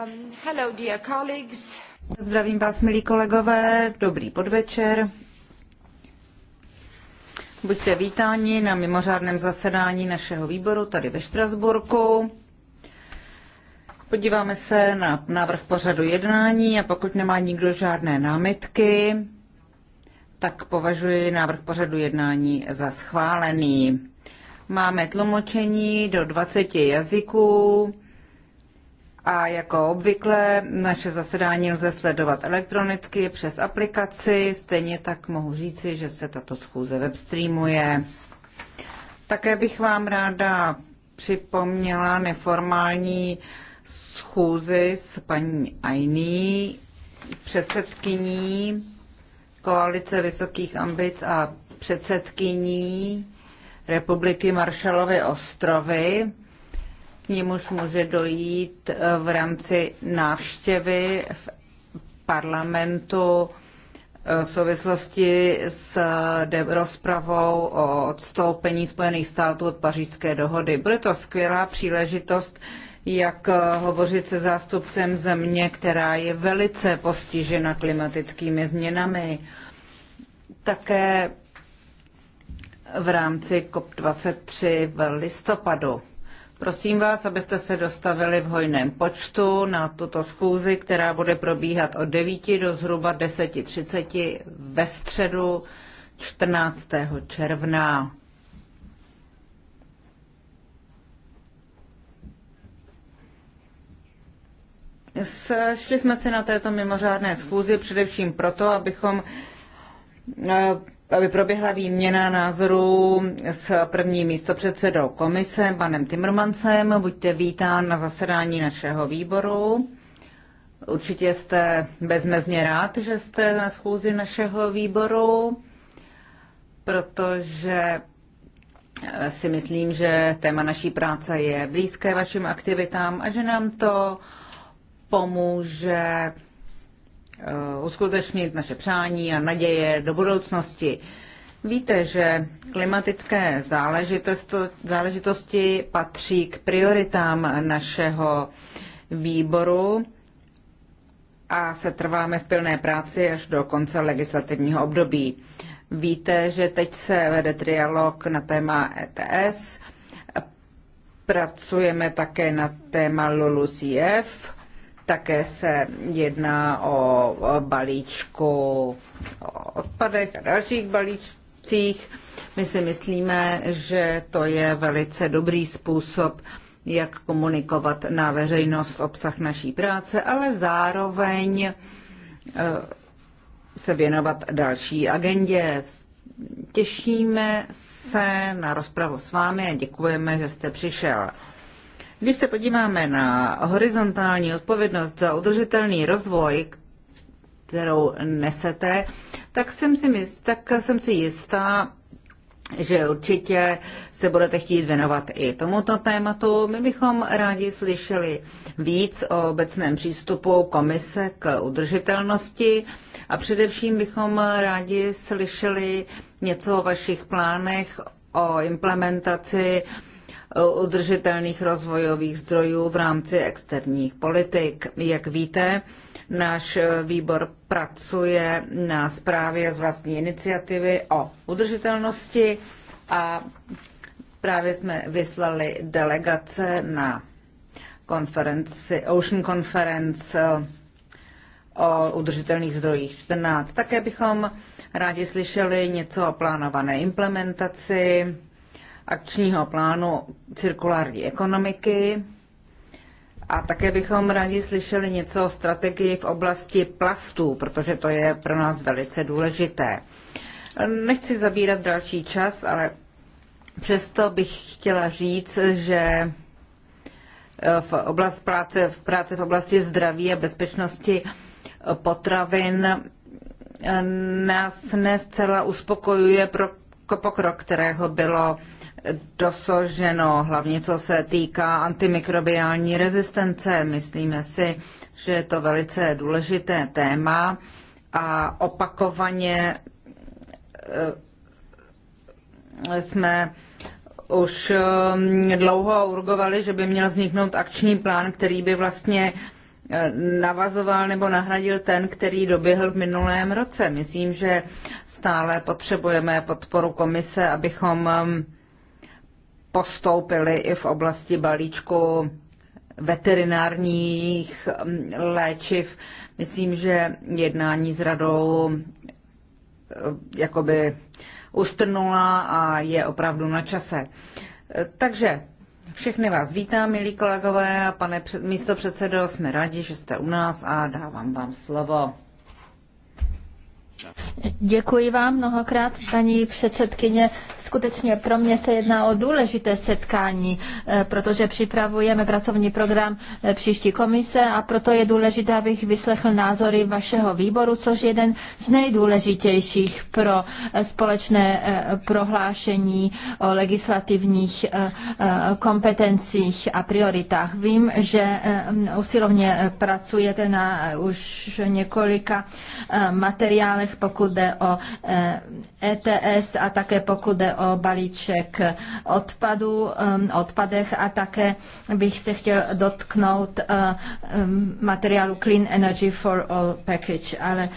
Um, hello, dear colleagues. Zdravím vás, milí kolegové, dobrý podvečer. Buďte vítáni na mimořádném zasedání našeho výboru tady ve Štrasburku. Podíváme se na návrh pořadu jednání a pokud nemá nikdo žádné námitky, tak považuji návrh pořadu jednání za schválený. Máme tlumočení do 20 jazyků a jako obvykle naše zasedání lze sledovat elektronicky přes aplikaci, stejně tak mohu říci, že se tato schůze webstreamuje. Také bych vám ráda připomněla neformální schůzi s paní Ainy, předsedkyní Koalice vysokých ambic a předsedkyní Republiky Maršalovy ostrovy k nímuž může dojít eh, v rámci návštěvy v parlamentu eh, v souvislosti s eh, rozpravou o odstoupení Spojených států od pařížské dohody. Bude to skvělá příležitost, jak hovořit se zástupcem země, která je velice postižena klimatickými změnami. Také v rámci COP23 v listopadu. Prosím vás, abyste se dostavili v hojném počtu na tuto schůzi, která bude probíhat od 9 do zhruba 10.30 ve středu 14. června. Sešli jsme se na této mimořádné schůzi především proto, abychom eh, aby proběhla výměna názorů s prvním místopředsedou komise, panem Timmermansem. Buďte vítán na zasedání našeho výboru. Určitě jste bezmezně rád, že jste na schůzi našeho výboru, protože si myslím, že téma naší práce je blízké vašim aktivitám a že nám to pomůže Eh, uskutečnit naše přání a naděje do budoucnosti. Víte, že klimatické záležitosti patří k prioritám našeho výboru a se trváme v pilné práci až do konce legislativního období. Víte, že teď se vede trialog na téma ETS. Pracujeme také na téma LULUCF také se jedná o balíčku o odpadech a dalších balíčcích. My si myslíme, že to je velice dobrý způsob, jak komunikovat na veřejnost obsah naší práce, ale zároveň eh, se věnovat další agendě. Těšíme se na rozpravu s vámi a děkujeme, že jste přišel. Když se podíváme na horizontální odpovědnost za udržitelný rozvoj, kterou nesete, tak jsem si, mys- tak jsem si jistá, že určitě se budete chtít věnovat i tomuto tématu. My bychom rádi slyšeli víc o obecném přístupu komise k udržitelnosti a především bychom rádi slyšeli něco o vašich plánech o implementaci uh, udržitelných rozvojových zdrojů v rámci externích politik. Jak víte, náš výbor pracuje na zprávě z vlastní iniciativy o udržitelnosti a právě jsme vyslali delegace na konferenci, Ocean Conference eh, o udržitelných zdrojích 14. Také bychom rádi slyšeli něco o plánované implementaci akčního plánu cirkulární ekonomiky. A také bychom rádi slyšeli něco o strategii v oblasti plastů, protože to je pro nás velice důležité. Nechci zabírat další čas, ale přesto bych chtěla říct, že eh, v oblast práce, v práce v oblasti zdraví a bezpečnosti potravin eh, nás nescela uspokojuje pro pokrok, kterého bylo dosaženo, hlavně co se týká antimikrobiální rezistence. Myslíme si, že je to velice důležité téma a opakovaně eh, jsme už eh, dlouho urgovali, že by měl vzniknout akční plán, který by vlastně eh, navazoval nebo nahradil ten, který doběhl v minulém roce. Myslím, že stále potřebujeme podporu komise, abychom postoupili i v oblasti balíčku veterinárních mm, léčiv. Myslím, že jednání s radou eh, jakoby ustrnula a je opravdu na čase. Eh, takže všechny vás vítám, milí kolegové a pane místo předsedo, jsme rádi, že jste u nás a dávám vám slovo. Děkuji vám mnohokrát, paní předsedkyně. Skutečně pro mě se jedná o důležité setkání, eh, protože připravujeme pracovní program eh, příští komise a proto je důležité, abych vyslechl názory vašeho výboru, což je jeden z nejdůležitějších pro eh, společné prohlášení o legislativních kompetencích a prioritách. Vím, že usilovně pracujete na už několika materiálech, pokud jde o ETS e a také pokud jde o balíček odpadu, um, odpadech a také bych se chtěl dotknout uh, um, materiálu Clean Energy for All Package. Ale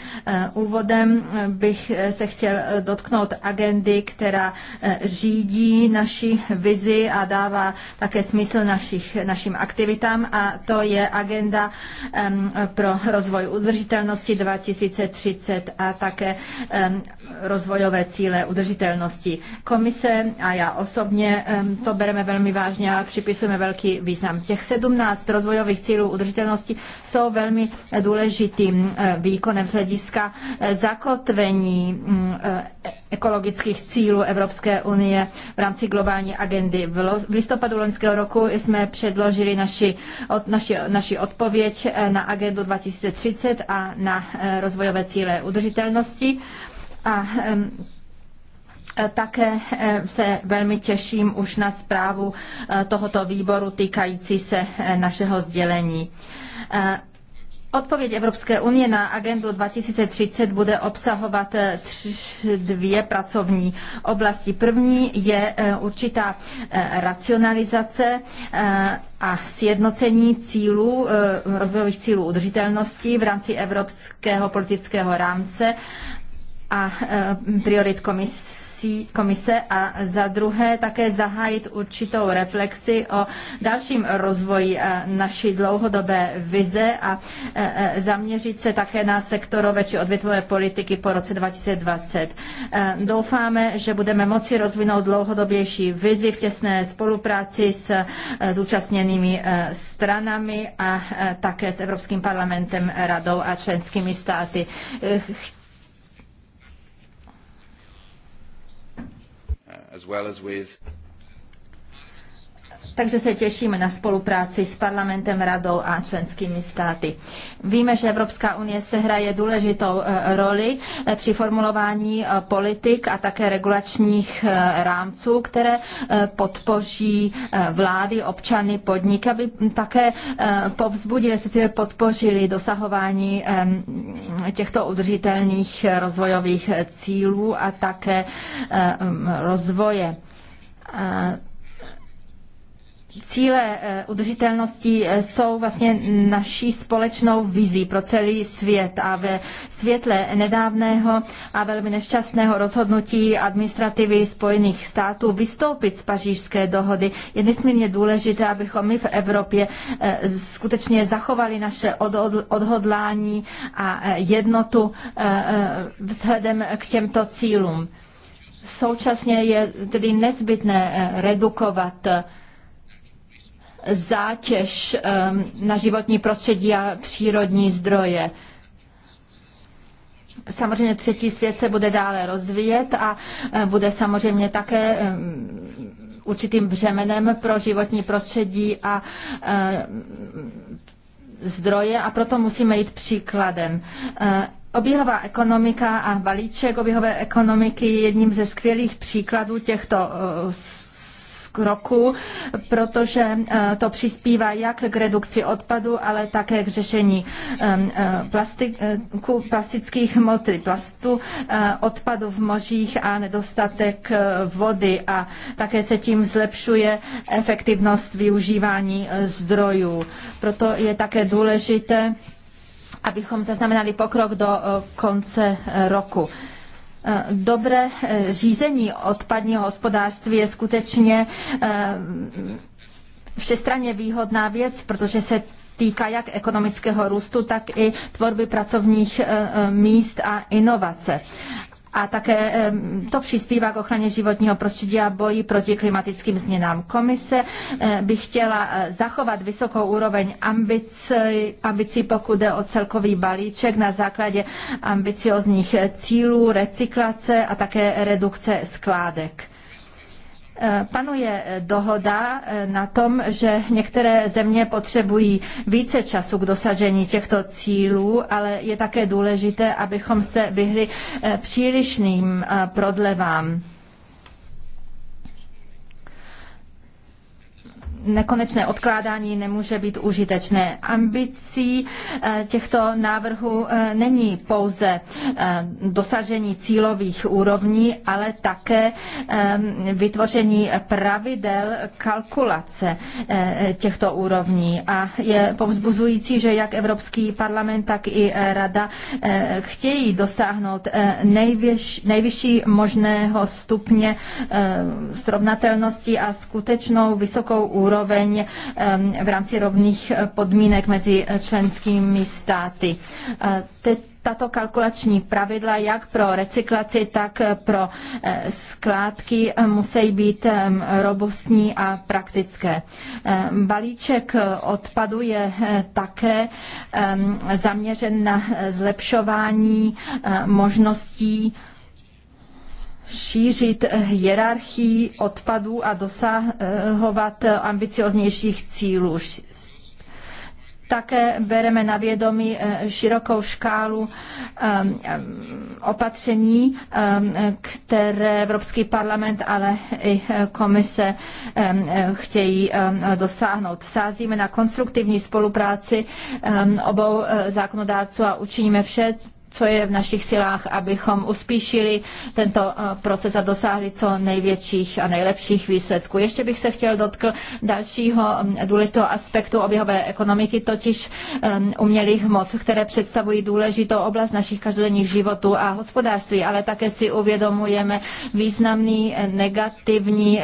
uh, úvodem bych se chtěl dotknout agendy, která uh, řídí naši vizi a dává také smysl našich, našim aktivitám a to je agenda um, pro rozvoj udržitelnosti 2030 a také rozvojové cíle udržitelnosti. Komise a já osobně to bereme velmi vážně a připisujeme velký význam. Těch 17 rozvojových cílů udržitelnosti jsou velmi důležitým eh, výkonem z hlediska eh, zakotvení mm, eh, ekologických cílů Evropské unie v rámci globální agendy. V listopadu loňského roku jsme předložili naši, od, naši, naši odpověď na agendu 2030 a na rozvojové cíle udržitelnosti. A také se velmi těším už na zprávu e, tohoto výboru týkající se e, našeho sdělení. E, odpověď Evropské unie na agendu 2030 bude obsahovat tři, dvě pracovní oblasti. První je určitá racionalizace a sjednocení cílů, rozvojových cílů udržitelnosti v rámci evropského politického rámce a e, priorit komise komise a za druhé také zahájit určitou reflexi o dalším rozvoji e, naší dlouhodobé vize a e, zaměřit se také na sektorové či odvětvové politiky po roce 2020. Doufáme, že budeme moci rozvinout dlouhodobější vizi v těsné spolupráci s zúčastněnými stranami a také s Evropským parlamentem, radou a členskými státy. as well as with takže se těšíme na spolupráci s parlamentem, radou a členskými státy. Víme, že Evropská unie se hraje důležitou eh, roli eh, při formulování eh, politik a také regulačních rámců, které podpoří vlády, občany, podniky, aby také povzbudili, respektive podpořili dosahování těchto udržitelných rozvojových cílů a také rozvoje cíle eh, udržitelnosti eh, jsou vlastně naší společnou vizí pro celý svět a ve světle nedávného a velmi nešťastného rozhodnutí administrativy Spojených států vystoupit z pařížské dohody je nesmírně důležité, abychom my v Evropě eh, skutečně zachovali naše odhodlání a jednotu vzhledem k těmto cílům. Současně je tedy nezbytné redukovat zátěž ehm, na životní prostředí a přírodní zdroje. Samozřejmě třetí svět se bude dále rozvíjet a eh, bude samozřejmě také ehm, určitým břemenem pro životní prostředí a ehm, zdroje a proto musíme jít příkladem. Eh, oběhová ekonomika a balíček oběhové ekonomiky je jedním ze skvělých příkladů těchto eh, kroků, protože eh, to přispívá jak k redukci odpadu, ale také k řešení eh, eh, plastiku, plastických hmoty, plastu, odpadu v mořích a nedostatek vody a také se tím zlepšuje efektivnost využívání zdrojů. Proto je také důležité, abychom zaznamenali pokrok do konce roku. Dobré eh, řízení odpadního hospodářství je skutečně eh, všestranně výhodná věc, protože se týká jak ekonomického růstu, tak i tvorby pracovních eh, míst a inovace a také to přispívá k ochraně životního prostředí a boji proti klimatickým změnám. Komise eh, by chtěla eh, zachovat vysokou úroveň ambicí, ambicí pokud jde o celkový balíček na základě ambiciozních cílů, recyklace a také redukce skládek. Eh, panuje eh, dohoda eh, na tom, že některé země potřebují více času k dosažení těchto cílů, ale je také důležité, abychom se vyhli přílišným prodlevám. nekonečné odkládání nemůže být užitečné. Ambicí eh, těchto návrhů eh, není pouze eh, dosažení cílových úrovní, ale také vytvoření pravidel kalkulace těchto úrovní. A je povzbuzující, že jak Evropský parlament, tak i Rada chtějí dosáhnout nejvyšší možného stupně srovnatelnosti a skutečnou vysokou úroveň úroveň eh, v rámci rovných podmínek mezi členskými státy. Eh, tato kalkulační pravidla jak pro recyklaci, tak pro eh, skládky musí být robustní a praktické. Balíček odpadu je také zaměřen na zlepšování možností šířit hierarchii odpadů a dosahovat ambicioznějších cílů. Také bereme na vědomí eh, širokou škálu eh, opatření, eh, které Evropský parlament, ale i komise chtějí dosáhnout. Sázíme na konstruktivní spolupráci obou zákonodárců a učiníme vše, co je v našich silách, abychom uspíšili tento eh, proces a dosáhli co největších a nejlepších výsledků. Ještě bych se chtěl dotkl dalšího mm, důležitého aspektu oběhové ekonomiky, totiž eh, umělých hmot, které představují důležitou oblast našich každodenních životů a hospodářství, ale také si uvědomujeme významný eh, negativní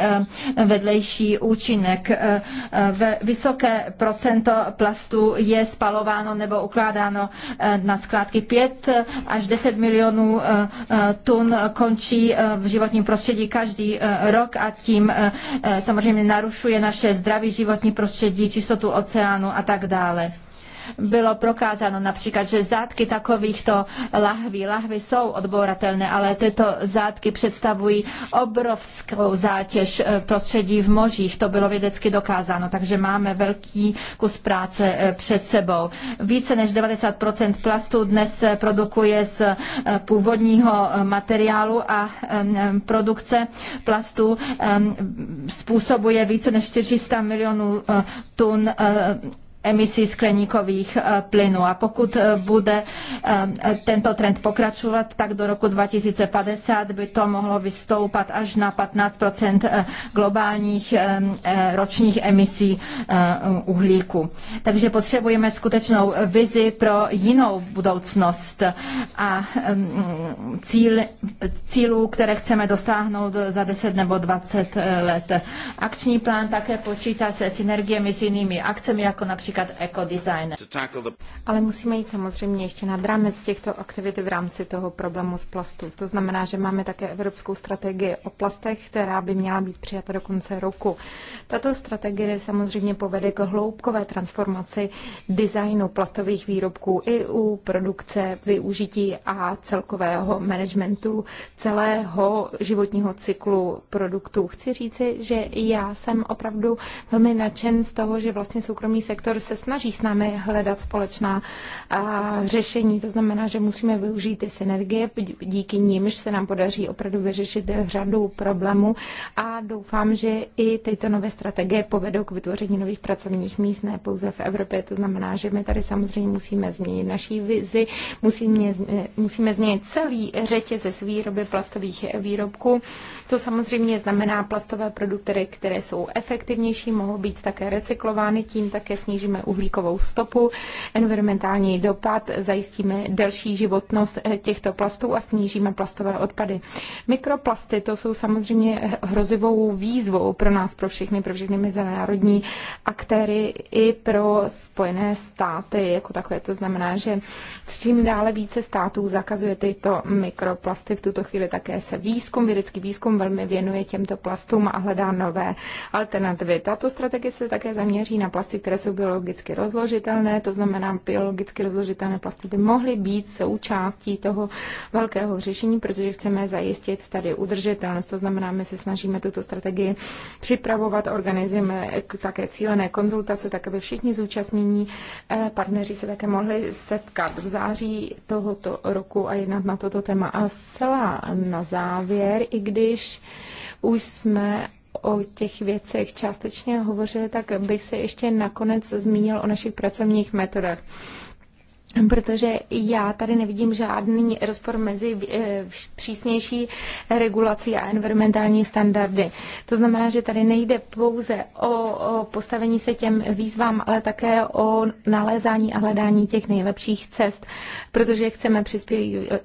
vedlejší účinek. Vysoké procento plastu je spalováno nebo ukládáno na skládky 5 až 10 milionů eh, eh, tun končí eh, v životním prostředí každý rok a tím samozřejmě narušuje naše zdraví, životní prostředí, čistotu oceánu a tak dále bylo prokázáno například, že zátky takovýchto lahví, lahvy jsou odbouratelné, ale tyto zátky představují obrovskou zátěž eh, prostředí v mořích. To bylo vědecky dokázáno, takže máme velký kus práce eh, před sebou. Více než 90% plastu dnes eh, produkuje z původního materiálu a produkce plastu způsobuje více než 400 milionů tun emisí skleníkových eh, plynů. A pokud eh, bude eh, tento trend pokračovat, tak do roku 2050 by to mohlo vystoupat až na 15 globálních ročních emisí uhlíku. Takže potřebujeme skutečnou vizi pro jinou budoucnost a mm, cíl, cílů, které chceme dosáhnout za 10 nebo 20 let. Akční plán také počítá se synergiemi s jinými akcemi, jako například například ekodesign. Ale musíme jít samozřejmě ještě nad rámec těchto aktivit v rámci toho problému s plastu. To znamená, že máme také evropskou strategii o plastech, která by měla být přijata do konce roku. Tato strategie samozřejmě povede k hloubkové transformaci designu plastových výrobků i u produkce, využití a celkového managementu celého životního cyklu produktů. Chci říci, že já jsem opravdu velmi nadšen z toho, že vlastně soukromý sektor se snaží s námi hledat společná řešení. To znamená, že musíme využít ty synergie, díky nimž se nám podaří opravdu vyřešit řadu problémů a doufám, že i tyto nové strategie povedou k vytvoření nových pracovních míst, ne pouze v Evropě. To znamená, že my tady samozřejmě musíme změnit naší vizi, musíme, musíme změnit celý řetězec výroby plastových výrobků. To samozřejmě znamená plastové produkty, které jsou efektivnější, mohou být také recyklovány, tím také snížíme snížíme uhlíkovou stopu, environmentální dopad, zajistíme delší životnost eh, těchto plastů a snížíme plastové odpady. Mikroplasty to jsou samozřejmě eh, hrozivou výzvou pro nás, pro všechny, pro všechny mezinárodní aktéry i pro Spojené státy jako takové. To znamená, že čím dále více států zakazuje tyto mikroplasty. V tuto chvíli také se výzkum, vědecký výzkum velmi věnuje těmto plastům a hledá nové alternativy. Tato strategie se také zaměří na plasty, které jsou biologicky rozložitelné, to znamená, biologicky rozložitelné plasty by mohly být součástí toho velkého řešení, protože chceme zajistit tady udržitelnost. To znamená, my se snažíme tuto strategii připravovat, organizujeme také cílené konzultace, tak aby všichni zúčastnění eh, partneři se také mohli setkat v září tohoto roku a jednat na toto téma. A zcela na závěr, i když už jsme o těch věcech částečně hovořili, tak bych se ještě nakonec zmínil o našich pracovních metodách. Protože já tady nevidím žádný rozpor mezi eh, přísnější regulací a environmentální standardy. To znamená, že tady nejde pouze o postavení se těm výzvám, ale také o nalézání a hledání těch nejlepších cest protože chceme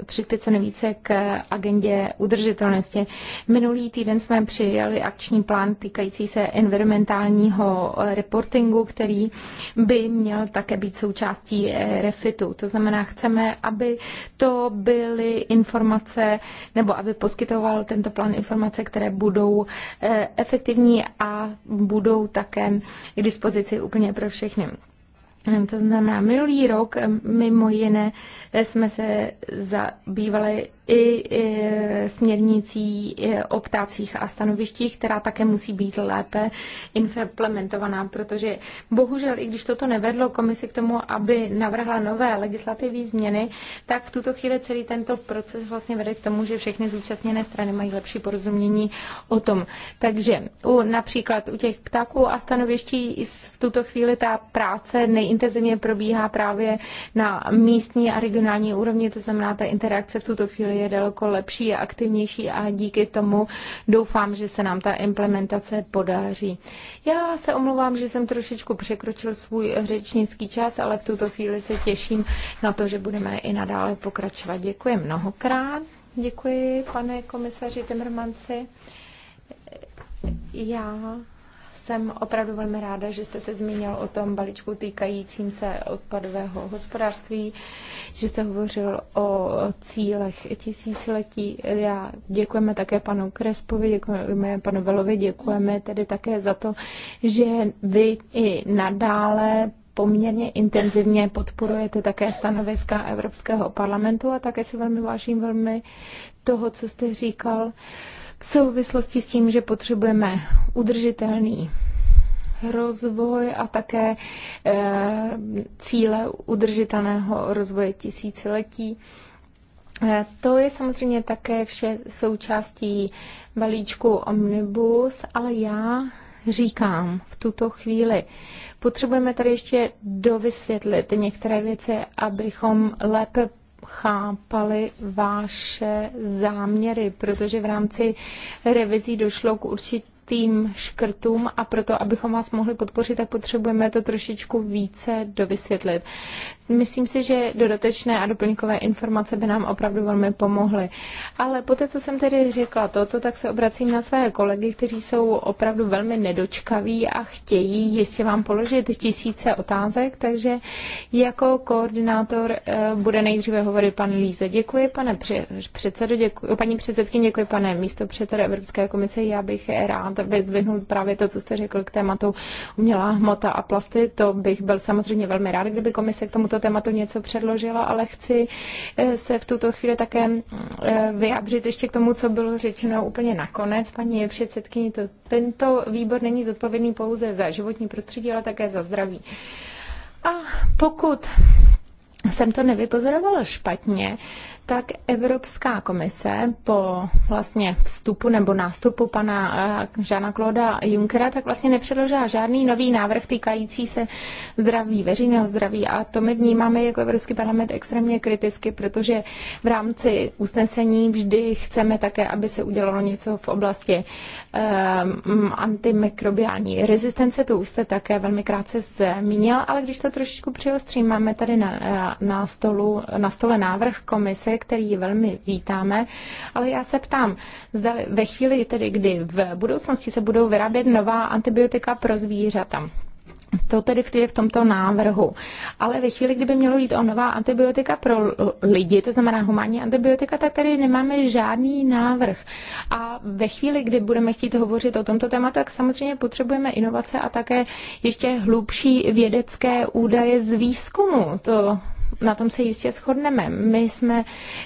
přispět, co nejvíce k agendě udržitelnosti. Minulý týden jsme přijali akční plán týkající se environmentálního reportingu, který by měl také být součástí refitu. To znamená, chceme, aby to byly informace, nebo aby poskytoval tento plán informace, které budou eh, efektivní a budou také k dispozici úplně pro všechny. To znamená, minulý rok eh, mimo jiné eh, jsme se zabývali i eh, směrnicí o ptácích a stanovištích, která také musí být lépe implementovaná, protože bohužel, i když toto nevedlo komisi k tomu, aby navrhla nové legislativní změny, tak v tuto chvíli celý tento proces vlastně vede k tomu, že všechny zúčastněné strany mají lepší porozumění o tom. Takže u, například u těch ptáků a stanoviští v tuto chvíli ta práce nejintenzivnější intenzivně probíhá právě na místní a regionální úrovni, to znamená, ta interakce v tuto chvíli je daleko lepší a aktivnější a díky tomu doufám, že se nám ta implementace podaří. Já se omlouvám, že jsem trošičku překročil svůj řečnický čas, ale v tuto chvíli se těším na to, že budeme i nadále pokračovat. Děkuji mnohokrát. Děkuji, pane komisaři Temrmanci. Já jsem opravdu velmi ráda, že jste se zmínil o tom balíčku týkajícím se odpadového hospodářství, že jste hovořil o cílech tisíciletí. Já děkujeme také panu Krespovi, děkujeme panu Velovi, děkujeme tedy také za to, že vy i nadále poměrně intenzivně podporujete také stanoviska Evropského parlamentu a také si velmi vážím velmi toho, co jste říkal v souvislosti s tím, že potřebujeme udržitelný rozvoj a také eh, cíle udržitelného rozvoje tisíciletí. Eh, to je samozřejmě také vše součástí balíčku Omnibus, ale já říkám v tuto chvíli. Potřebujeme tady ještě dovysvětlit některé věci, abychom lépe chápali vaše záměry, protože v rámci revizí došlo k určitě tým škrtům a proto, abychom vás mohli podpořit, tak potřebujeme to trošičku více dovysvětlit. Myslím si, že dodatečné a doplňkové informace by nám opravdu velmi pomohly. Ale po té, co jsem tedy řekla toto, tak se obracím na své kolegy, kteří jsou opravdu velmi nedočkaví a chtějí jistě vám položit tisíce otázek, takže jako koordinátor eh, bude nejdříve hovorit pan Líze. Děkuji, pane předsedo, děkuji, paní předsedkyně, děkuji, pane místo předsedo Evropské komise. Já bych rád rád vyzdvihnul právě to, co jste řekl k tématu umělá hmota a plasty. To bych byl samozřejmě velmi rád, kdyby komise k tomuto tématu něco předložila, ale chci eh, se v tuto chvíli také mm, eh, vyjádřit ještě k tomu, co bylo řečeno úplně nakonec. Paní předsedkyni, to, tento výbor není zodpovědný pouze za životní prostředí, ale také za zdraví. A pokud jsem to nevypozorovala špatně, tak Evropská komise po vlastně vstupu nebo nástupu pana eh, Žána Kloda Junckera, tak vlastně nepředložila žádný nový návrh týkající se zdraví, veřejného zdraví a to my vnímáme jako Evropský parlament extrémně kriticky, protože v rámci usnesení vždy chceme také, aby se udělalo něco v oblasti um, antimikrobiální rezistence, to už jste také velmi krátce zmínil, ale když to trošičku přiostřím, máme tady na, eh, na, stolu, na stole návrh komise, který velmi vítáme, ale já se ptám, zda ve chvíli tedy, kdy v budoucnosti se budou vyrábět nová antibiotika pro zvířata, to tedy je v tomto návrhu. Ale ve chvíli, kdyby mělo jít o nová antibiotika pro lidi, to znamená humánní antibiotika, tak tady nemáme žádný návrh. A ve chvíli, kdy budeme chtít hovořit o tomto tématu, tak samozřejmě potřebujeme inovace a také ještě hlubší vědecké údaje z výzkumu. To na tom se jistě shodneme. My jsme,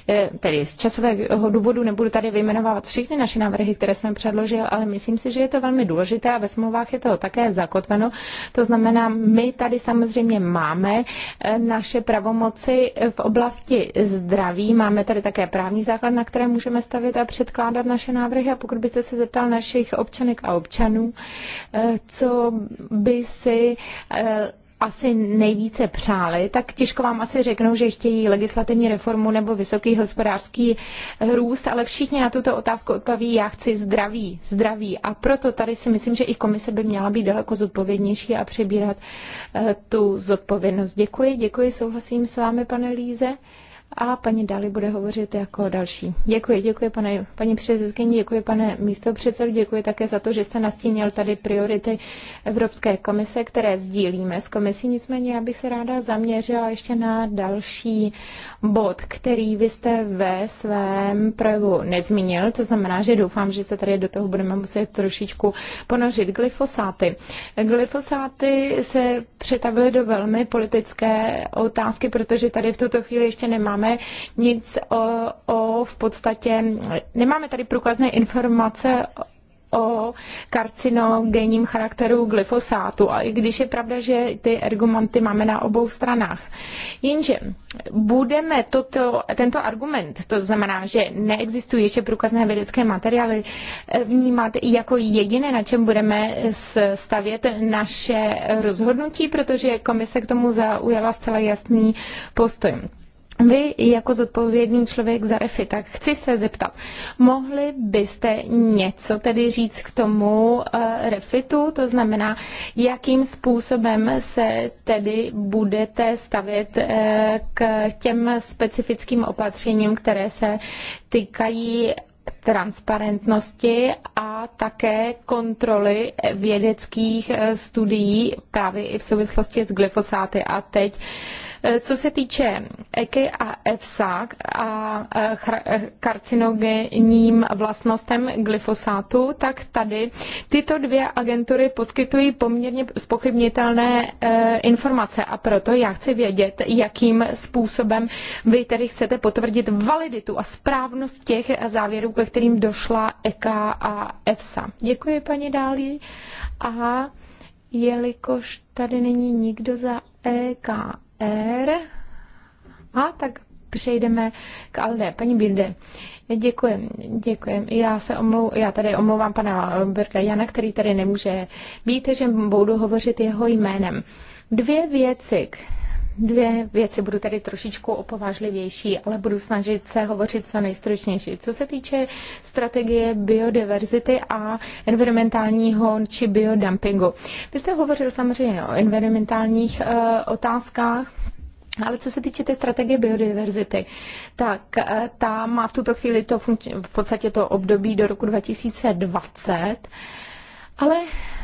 eh, tedy z časového důvodu nebudu tady vyjmenovávat všechny naše návrhy, které jsme předložili, ale myslím si, že je to velmi důležité a ve smlouvách je to také zakotveno. To znamená, my tady samozřejmě máme eh, naše pravomoci v oblasti zdraví, máme tady také právní základ, na které můžeme stavit a předkládat naše návrhy a pokud byste se zeptal našich občanek a občanů, eh, co by si asi nejvíce přáli, tak těžko vám asi řeknou, že chtějí legislativní reformu nebo vysoký hospodářský eh, růst, ale všichni na tuto otázku odpoví, já chci zdraví, zdraví. A proto tady si myslím, že i komise by měla být daleko zodpovědnější a přebírat eh, tu zodpovědnost. Děkuji, děkuji, souhlasím s vámi, pane Líze a paní Dali bude hovořit jako další. Děkuji, děkuji pane, paní předsedkyni, děkuji pane místo předsedu, děkuji také za to, že jste nastínil tady priority Evropské komise, které sdílíme s komisí. Nicméně já bych se ráda zaměřila ještě na další bod, který vy jste ve svém projevu nezmínil. To znamená, že doufám, že se tady do toho budeme muset trošičku ponořit. Glyfosáty. Glyfosáty se přetavily do velmi politické otázky, protože tady v tuto chvíli ještě nemáme nemáme nic o, o v podstatě, nemáme tady průkazné informace o karcinogenním charakteru glyfosátu. A i když je pravda, že ty argumenty máme na obou stranách. Jenže budeme toto, tento argument, to znamená, že neexistují ještě průkazné vědecké materiály, vnímat jako jediné, na čem budeme stavět naše rozhodnutí, protože komise k tomu zaujala zcela jasný postoj. Vy jako zodpovědný člověk za refy, tak chci se zeptat, mohli byste něco tedy říct k tomu uh, refitu, to znamená, jakým způsobem se tedy budete stavět uh, k těm specifickým opatřením, které se týkají transparentnosti a také kontroly vědeckých eh, studií právě i v souvislosti s glyfosáty. A teď uh, Eh, co se týče EKY a EFSA a eh, eh, karcinogenním vlastnostem glyfosátu, tak tady tyto dvě agentury poskytují poměrně spochybnitelné informace a proto já chci vědět, jakým způsobem vy tedy chcete potvrdit validitu a správnost těch závěrů, ke kterým došla EKA a EFSA. Děkuji, paní Dálí. A jelikož tady není nikdo za EKA, R. A tak přejdeme k Alde. Paní Bilde, děkuji, děkuji. Já se omlou, já tady omlouvám pana Berga Jana, který tady nemůže být, že budu hovořit jeho jménem. Dvě věci, dvě věci, budu tady trošičku opovážlivější, ale budu snažit se hovořit co nejstručnější. Co se týče strategie biodiverzity a environmentálního či biodumpingu. Vy jste hovořil samozřejmě o environmentálních e, otázkách, ale co se týče té strategie biodiverzity, tak eh, ta má v tuto chvíli to v podstatě to období do roku 2020, ale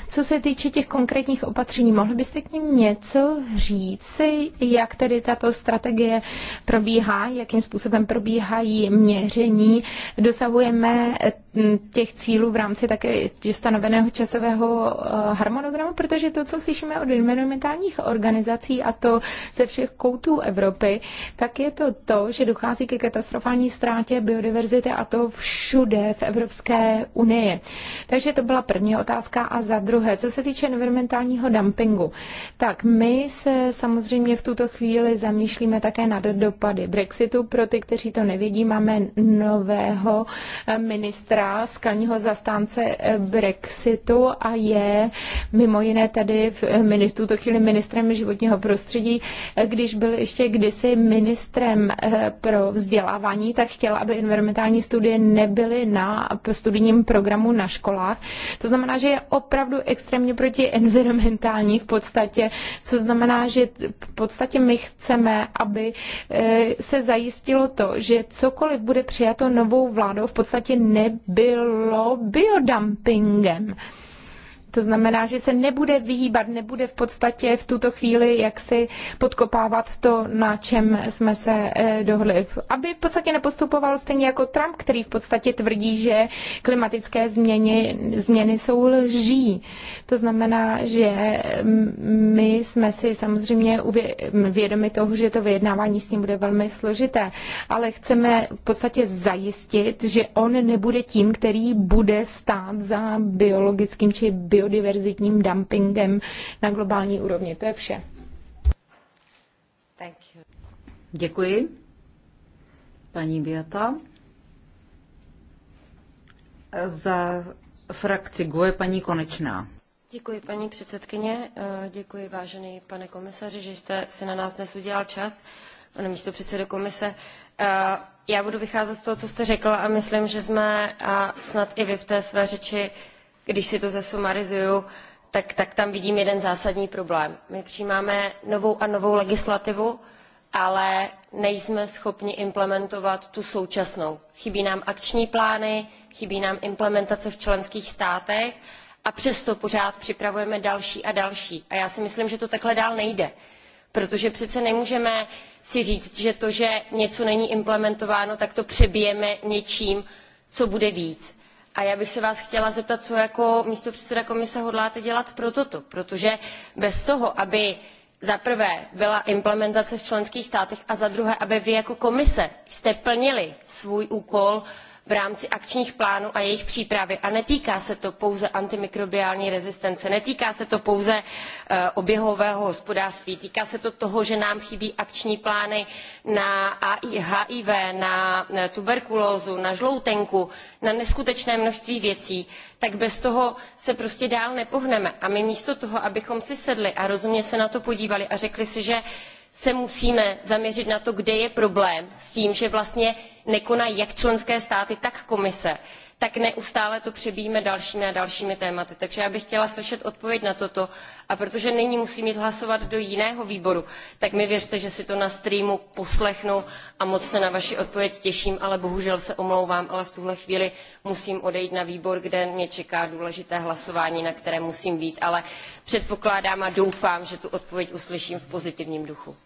co se týče těch konkrétních opatření, mohli byste k ním něco říct, jak tedy tato strategie probíhá, jakým způsobem probíhají měření, dosahujeme mm, těch cílů v rámci také stanoveného časového eh, harmonogramu, protože to, co slyšíme od environmentálních organizací a to ze všech koutů Evropy, tak je to to, že dochází ke katastrofální ztrátě biodiverzity a to všude v Evropské unii. Takže to byla první otázka a za druhé druhé, co se týče environmentálního dumpingu, tak my se samozřejmě v tuto chvíli zamýšlíme také nad dopady Brexitu. Pro ty, kteří to nevědí, máme nového eh, ministra, skalního zastánce eh, Brexitu a je mimo jiné tady v eh, ministru, tuto chvíli ministrem životního prostředí. Když byl ještě kdysi ministrem pro vzdělávání, tak chtěl, aby environmentální studie nebyly na studijním programu na školách. To znamená, že je opravdu extrémně protienvironmentální v podstatě, co znamená, že v podstatě my chceme, aby eh, se zajistilo to, že cokoliv bude přijato novou vládou, v podstatě nebylo biodumpingem. To znamená, že se nebude vyhýbat, nebude v podstatě v tuto chvíli jaksi podkopávat to, na čem jsme se eh, dohodli. Aby v podstatě nepostupoval stejně jako Trump, který v podstatě tvrdí, že klimatické změny, změny jsou lží. To znamená, že mm, my jsme si samozřejmě vědomi toho, že to vyjednávání s ním bude velmi složité, ale chceme v podstatě zajistit, že on nebude tím, který bude stát za biologickým či biologickým biodiverzitním dumpingem na globální úrovni. To je vše. Děkuji. Paní Biata. Za frakci GUE paní Konečná. Děkuji, paní předsedkyně. Eh, děkuji, vážený pane komisaři, že jste si na nás dnes udělal čas. Pane místo předsedo komise, eh, já budu vycházet z toho, co jste řekl a myslím, že jsme a snad i vy v té své řeči když si to zesumarizuju, tak, tak tam vidím jeden zásadní problém. My přijímáme novou a novou legislativu, ale nejsme schopni implementovat tu současnou. Chybí nám akční plány, chybí nám implementace v členských státech a přesto pořád připravujeme další a další. A já si myslím, že to takhle dál nejde. Protože přece nemůžeme si říct, že to, že něco není implementováno, tak to přebijeme něčím, co bude víc a já bych se vás chtěla zeptat, co jako místo komise hodláte dělat pro toto, protože bez toho, aby za prvé byla implementace v členských státech a za druhé, aby vy jako komise jste plnili svůj úkol v rámci akčních plánů a jejich přípravy. A netýká se to pouze antimikrobiální rezistence, netýká se to pouze e, oběhového hospodářství, týká se to toho, že nám chybí akční plány na HIV, na tuberkulózu, na žloutenku, na neskutečné množství věcí, tak bez toho se prostě dál nepohneme. A my místo toho, abychom si sedli a rozumně se na to podívali a řekli si, že se musíme zaměřit na to, kde je problém s tím, že vlastně nekonají jak členské státy, tak komise, tak neustále to přebíjíme dalšími a dalšími tématy. Takže já bych chtěla slyšet odpověď na toto. A protože nyní musím jít hlasovat do jiného výboru, tak mi věřte, že si to na streamu poslechnu a moc se na vaši odpověď těším, ale bohužel se omlouvám, ale v tuhle chvíli musím odejít na výbor, kde mě čeká důležité hlasování, na které musím být, ale předpokládám a doufám, že tu odpověď uslyším v pozitivním duchu.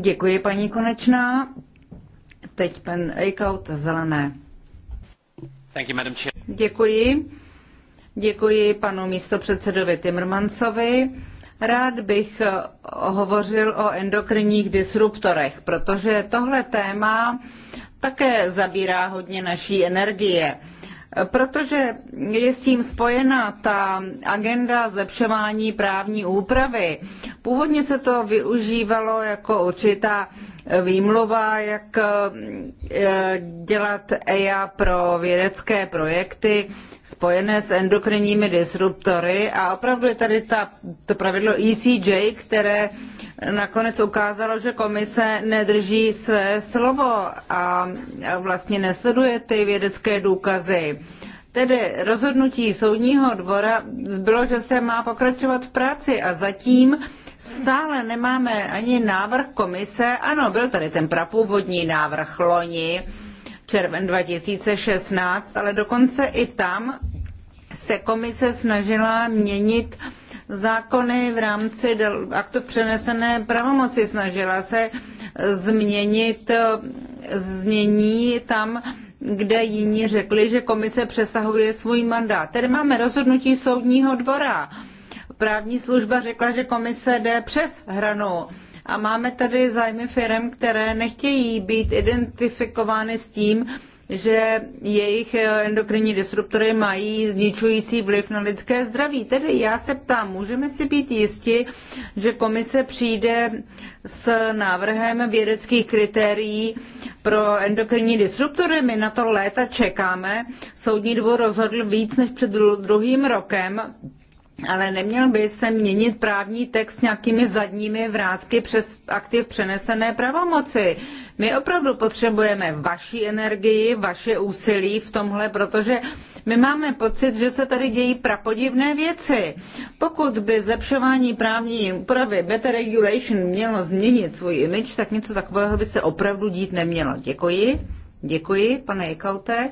Děkuji, paní Konečná. Teď pan Eichhout, zelené. Děkuji. Děkuji panu místopředsedovi Timmermansovi. Rád bych eh, hovořil o endokrinních disruptorech, protože tohle téma také zabírá hodně naší energie protože je s tím spojena ta agenda zlepšování právní úpravy. Původně se to využívalo jako určitá výmluva, jak eh, dělat EIA pro vědecké projekty spojené s endokrinními disruptory a opravdu je tady ta, to pravidlo ECJ, které nakonec ukázalo, že komise nedrží své slovo a vlastně nesleduje ty vědecké důkazy. Tedy rozhodnutí soudního dvora bylo, že se má pokračovat v práci a zatím Stále nemáme ani návrh komise. Ano, byl tady ten prapůvodní návrh loni, červen 2016, ale dokonce i tam se komise snažila měnit zákony v rámci aktu přenesené pravomoci. Snažila se změnit znění tam, kde jiní řekli, že komise přesahuje svůj mandát. Tedy máme rozhodnutí soudního dvora právní služba řekla, že komise jde přes hranu. A máme tady zájmy firm, které nechtějí být identifikovány s tím, že jejich eh, endokrinní disruptory mají zničující vliv na lidské zdraví. Tedy já se ptám, můžeme si být jisti, že komise přijde s návrhem vědeckých kritérií pro endokrinní disruptory? My na to léta čekáme. Soudní dvůr rozhodl víc než před druhým rokem ale neměl by se měnit právní text nějakými zadními vrátky přes aktiv přenesené pravomoci. My opravdu potřebujeme vaši energii, vaše úsilí v tomhle, protože my máme pocit, že se tady dějí prapodivné věci. Pokud by zlepšování právní úpravy Better Regulation mělo změnit svůj image, tak něco takového by se opravdu dít nemělo. Děkuji. Děkuji, pane Jekaute.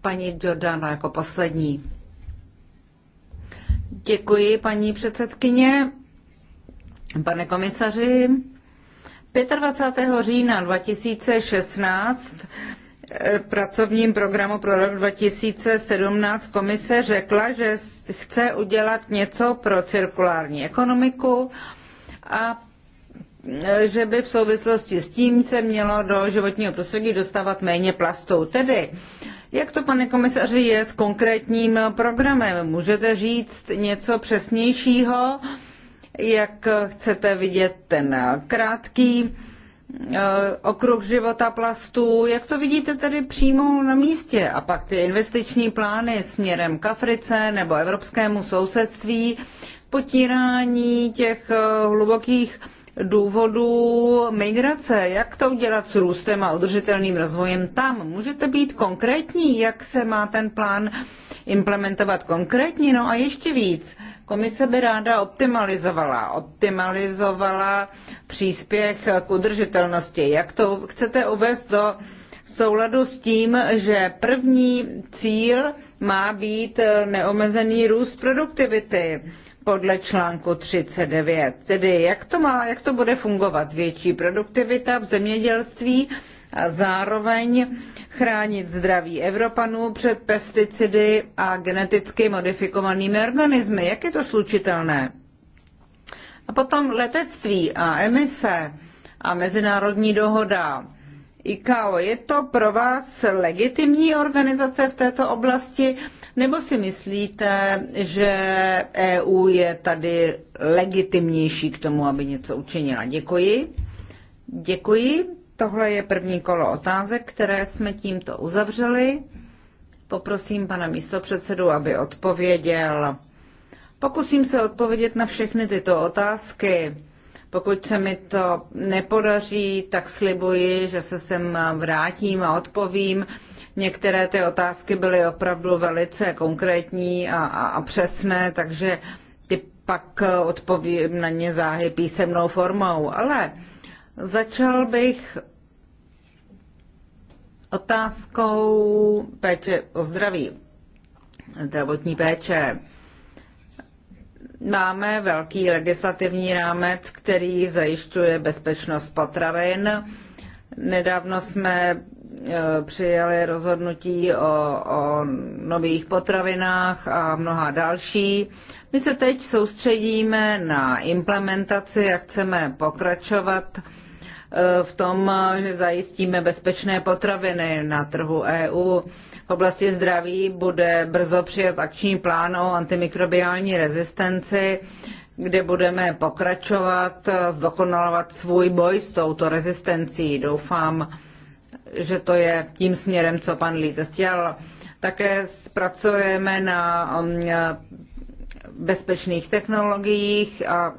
Paní Jordana jako poslední. Děkuji, paní předsedkyně. Pane komisaři, 25. října 2016 eh, pracovním programu pro rok 2017 komise řekla, že chce udělat něco pro cirkulární ekonomiku a eh, že by v souvislosti s tím se mělo do životního prostředí dostávat méně plastů. Tedy jak to, pane komisaři, je s konkrétním programem? Můžete říct něco přesnějšího? Jak chcete vidět ten krátký eh, okruh života plastů? Jak to vidíte tedy přímo na místě? A pak ty investiční plány směrem k Africe nebo evropskému sousedství, potírání těch eh, hlubokých důvodů migrace. Jak to udělat s růstem a udržitelným rozvojem tam? Můžete být konkrétní, jak se má ten plán implementovat konkrétně? No a ještě víc. Komise by ráda optimalizovala. Optimalizovala příspěch k udržitelnosti. Jak to chcete uvést do souladu s tím, že první cíl má být neomezený růst produktivity? podle článku 39. Tedy jak to má, jak to bude fungovat větší produktivita v zemědělství a zároveň chránit zdraví Evropanů před pesticidy a geneticky modifikovanými organismy. Jak je to slučitelné? A potom letectví a emise a mezinárodní dohoda. ICAO, je to pro vás legitimní organizace v této oblasti? Nebo si myslíte, že EU je tady legitimnější k tomu, aby něco učinila? Děkuji. Děkuji. Tohle je první kolo otázek, které jsme tímto uzavřeli. Poprosím pana místopředsedu, aby odpověděl. Pokusím se odpovědět na všechny tyto otázky. Pokud se mi to nepodaří, tak slibuji, že se sem vrátím a odpovím. Některé ty otázky byly opravdu velice konkrétní a, a, a přesné, takže ty pak eh, odpovím na ně záhy písemnou formou. Ale začal bych otázkou péče o zdraví, zdravotní péče. Máme velký legislativní rámec, který zajišťuje bezpečnost potravin. Nedávno jsme Eh, přijali rozhodnutí o, o nových potravinách a mnoha další. My se teď soustředíme na implementaci, jak chceme pokračovat eh, v tom, že zajistíme bezpečné potraviny na trhu EU. V oblasti zdraví bude brzo přijat akční plán o antimikrobiální rezistenci, kde budeme pokračovat, zdokonalovat svůj boj s touto rezistencí. Doufám, že to je tím směrem, co pan Líze chtěl. Také zpracujeme na um, bezpečných technologiích a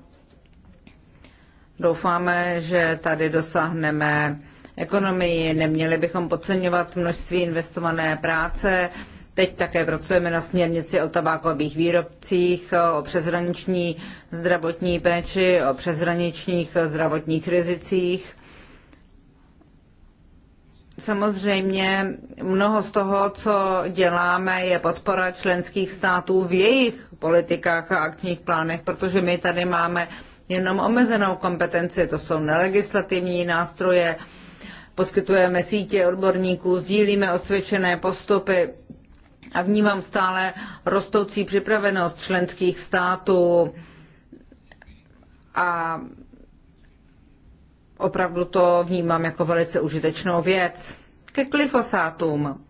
doufáme, že tady dosáhneme ekonomii. Neměli bychom podceňovat množství investované práce. Teď také pracujeme na směrnici o tabákových výrobcích, o přeshraniční zdravotní péči, o přeshraničních zdravotních rizicích Samozřejmě mnoho z toho, co děláme, je podpora členských států v jejich politikách a akčních plánech, protože my tady máme jenom omezenou kompetenci, to jsou nelegislativní nástroje, poskytujeme sítě odborníků, sdílíme osvědčené postupy a vnímám stále rostoucí připravenost členských států a opravdu to vnímám jako velice užitečnou věc. Ke glyfosátům.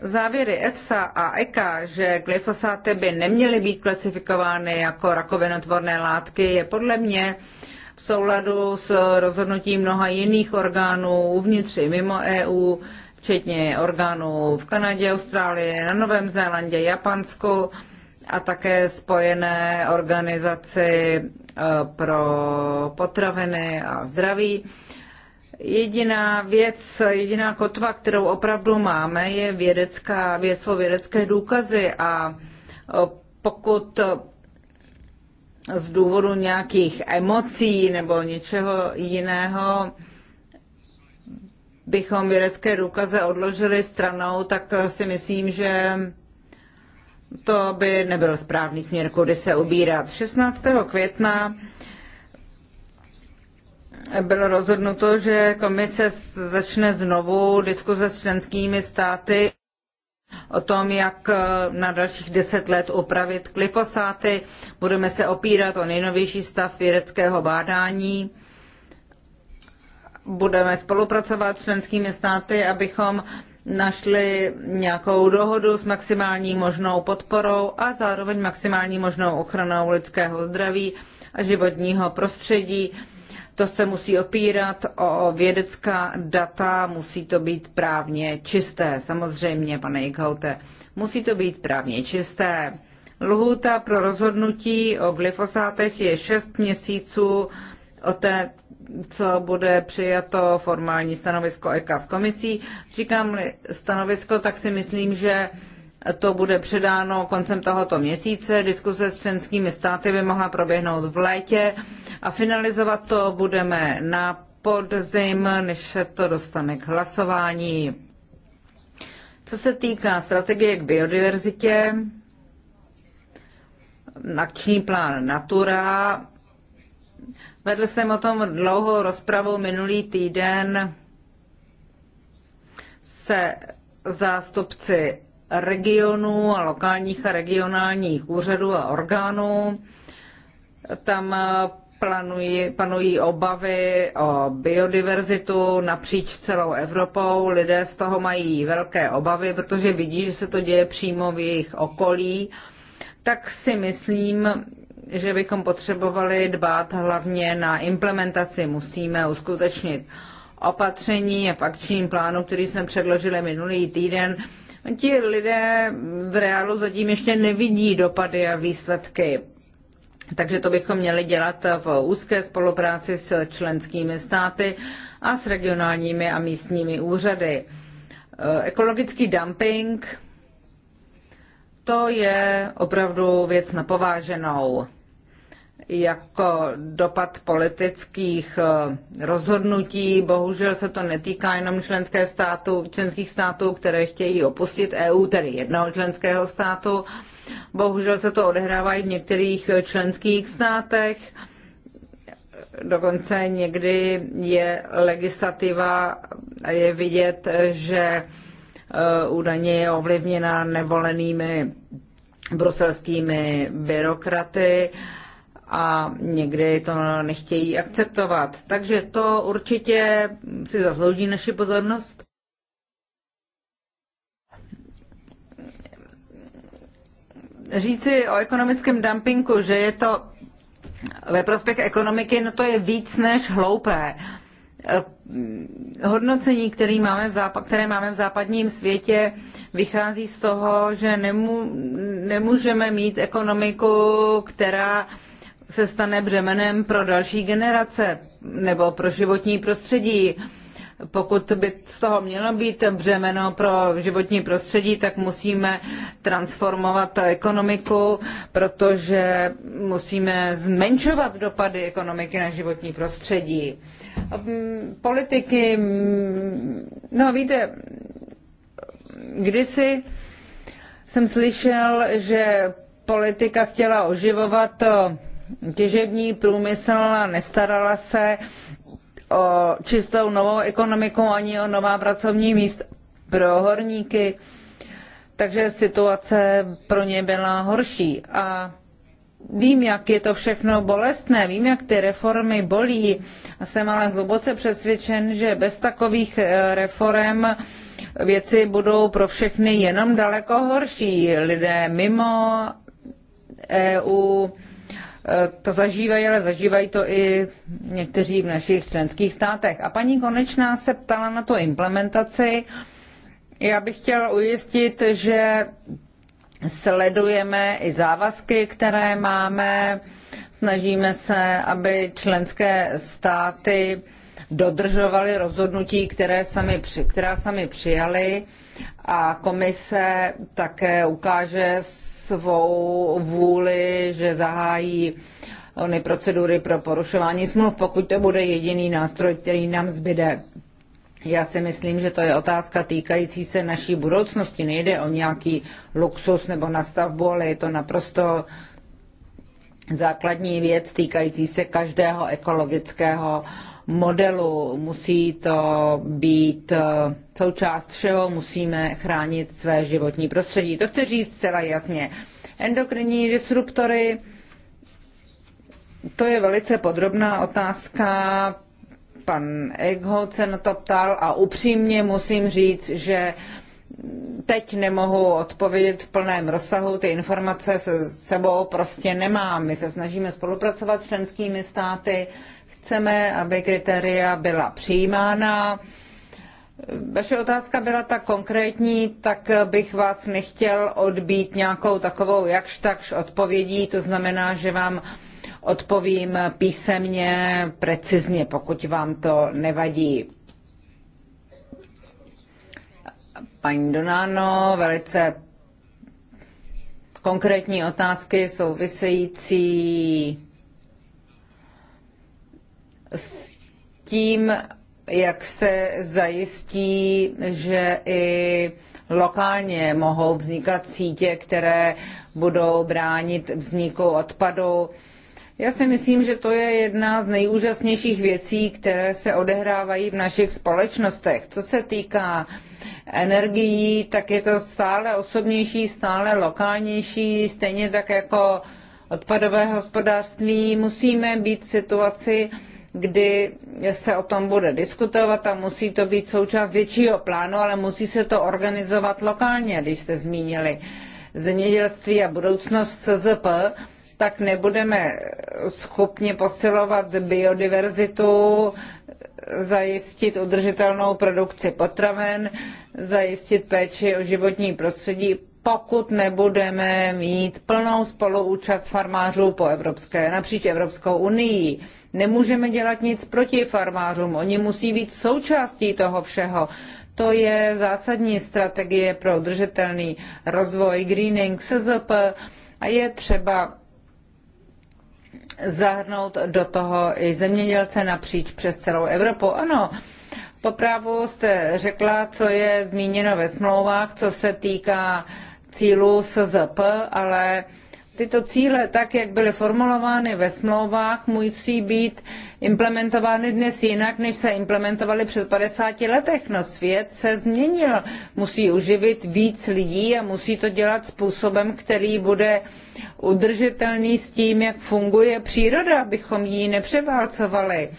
Závěry EFSA a EKA, že glyfosáty by neměly být klasifikovány jako rakovinotvorné látky, je podle mě v souladu s rozhodnutím mnoha jiných orgánů uvnitř i mimo EU, včetně orgánů v Kanadě, Austrálii, na Novém Zélandě, Japonsku a také spojené organizaci eh, pro potraviny a zdraví. Jediná věc, jediná kotva, kterou opravdu máme, je vědecká, jsou vědecké důkazy a eh, pokud eh, z důvodu nějakých emocí nebo něčeho jiného bychom vědecké důkazy odložili stranou, tak si myslím, že to by nebyl správný směr, kudy se ubírat. 16. května bylo rozhodnuto, že komise začne znovu diskuze s členskými státy o tom, jak eh, na dalších deset let upravit glyfosáty. Budeme se opírat o nejnovější stav vědeckého bádání. Budeme spolupracovat s členskými státy, abychom našli nějakou dohodu s maximální možnou podporou a zároveň maximální možnou ochranou lidského zdraví a životního prostředí. To se musí opírat o vědecká data, musí to být právně čisté. Samozřejmě, pane Jikoute, musí to být právně čisté. Lhůta pro rozhodnutí o glyfosátech je 6 měsíců od té co bude přijato formální stanovisko EK s komisí. Říkám-li stanovisko, tak si myslím, že to bude předáno koncem tohoto měsíce. Diskuse s členskými státy by mohla proběhnout v létě a finalizovat to budeme na podzim, než se to dostane k hlasování. Co se týká strategie k biodiverzitě, akční plán Natura, Vedl jsem o tom dlouhou rozpravu minulý týden se zástupci regionů a lokálních a regionálních úřadů a orgánů. Tam planují, panují obavy o biodiverzitu napříč celou Evropou. Lidé z toho mají velké obavy, protože vidí, že se to děje přímo v jejich okolí. Tak si myslím, že bychom potřebovali dbát hlavně na implementaci. Musíme uskutečnit opatření a v akčním plánu, který jsme předložili minulý týden. Ti lidé v reálu zatím ještě nevidí dopady a výsledky. Takže to bychom měli dělat v úzké spolupráci s členskými státy a s regionálními a místními úřady. Ekologický dumping, to je opravdu věc napováženou jako dopad politických eh, rozhodnutí. Bohužel se to netýká jenom členské státu, členských států, které chtějí opustit EU, tedy jednoho členského státu. Bohužel se to odehrává i v některých eh, členských státech. Dokonce někdy je legislativa a eh, je vidět, že údajně je ovlivněna nevolenými bruselskými byrokraty a někdy to nechtějí akceptovat. Takže to určitě si zaslouží naši pozornost. Říci o ekonomickém dumpingu, že je to ve prospěch ekonomiky, no to je víc než hloupé. Hodnocení, který máme v západ, které máme v západním světě, vychází z toho, že nemů, nemůžeme mít ekonomiku, která se stane břemenem pro další generace nebo pro životní prostředí. Pokud by z toho mělo být břemeno pro životní prostředí, tak musíme transformovat ekonomiku, protože musíme zmenšovat dopady ekonomiky na životní prostředí. Hm, politiky, hm, no víte, kdysi jsem slyšel, že politika chtěla oživovat těžební průmysl a nestarala se o čistou novou ekonomiku ani o nová pracovní místa pro horníky, takže situace pro ně byla horší. A vím, jak je to všechno bolestné, vím, jak ty reformy bolí a jsem ale hluboce přesvědčen, že bez takových eh, reform věci budou pro všechny jenom daleko horší. Lidé mimo EU Eh, to zažívají, ale zažívají to i někteří v našich členských státech. A paní Konečná se ptala na to implementaci. Já bych chtěla ujistit, že sledujeme i závazky, které máme. Snažíme se, aby členské státy dodržovali rozhodnutí, které sami, která sami přijali a komise také ukáže svou vůli, že zahájí ony procedury pro porušování smluv, pokud to bude jediný nástroj, který nám zbyde. Já si myslím, že to je otázka týkající se naší budoucnosti. Nejde o nějaký luxus nebo nastavbu, ale je to naprosto základní věc týkající se každého ekologického modelu. Musí to být eh, součást všeho, musíme chránit své životní prostředí. To chci říct zcela jasně. Endokrinní disruptory, to je velice podrobná otázka. Pan Eckhout se na to ptal a upřímně musím říct, že teď nemohu odpovědět v plném rozsahu, ty informace se sebou prostě nemám. My se snažíme spolupracovat s členskými státy, chceme, aby kritéria byla přijímána. Vaše otázka byla tak konkrétní, tak bych vás nechtěl odbít nějakou takovou jakž takž odpovědí, to znamená, že vám odpovím písemně, precizně, pokud vám to nevadí. Paní Donáno, velice konkrétní otázky související s tím, jak se zajistí, že i lokálně mohou vznikat sítě, které budou bránit vzniku odpadu. Já si myslím, že to je jedna z nejúžasnějších věcí, které se odehrávají v našich společnostech. Co se týká energií, tak je to stále osobnější, stále lokálnější, stejně tak jako odpadové hospodářství. Musíme být v situaci, kdy se o tom bude diskutovat a musí to být součást většího plánu, ale musí se to organizovat lokálně, když jste zmínili zemědělství a budoucnost CZP, tak nebudeme schopni posilovat biodiverzitu, zajistit udržitelnou produkci potravin, zajistit péči o životní prostředí, pokud nebudeme mít plnou spoluúčast farmářů po Evropské, napříč Evropskou unii. Nemůžeme dělat nic proti farmářům, oni musí být součástí toho všeho. To je zásadní strategie pro udržitelný rozvoj, greening, SZP a je třeba zahrnout do toho i zemědělce napříč přes celou Evropu. Ano, poprávu jste řekla, co je zmíněno ve smlouvách, co se týká uh, cílů SZP, ale tyto cíle, tak jak byly formulovány ve smlouvách, musí být implementovány dnes jinak, než se implementovaly před 50 letech. No svět se změnil. Musí uživit víc lidí a musí to dělat způsobem, který bude udržitelný s tím, jak funguje příroda, abychom ji nepřeválcovali.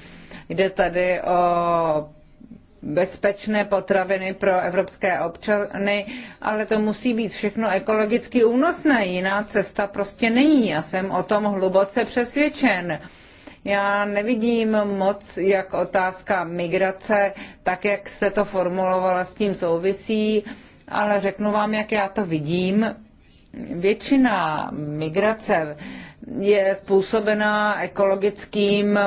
Jde tady o bezpečné potraviny pro evropské občany, ale to musí být všechno ekologicky únosné. Jiná cesta prostě není. Já jsem o tom hluboce přesvědčen. Já nevidím moc, jak otázka migrace, tak jak jste to formulovala, s tím souvisí, ale řeknu vám, jak já to vidím. Většina migrace je způsobená ekologickým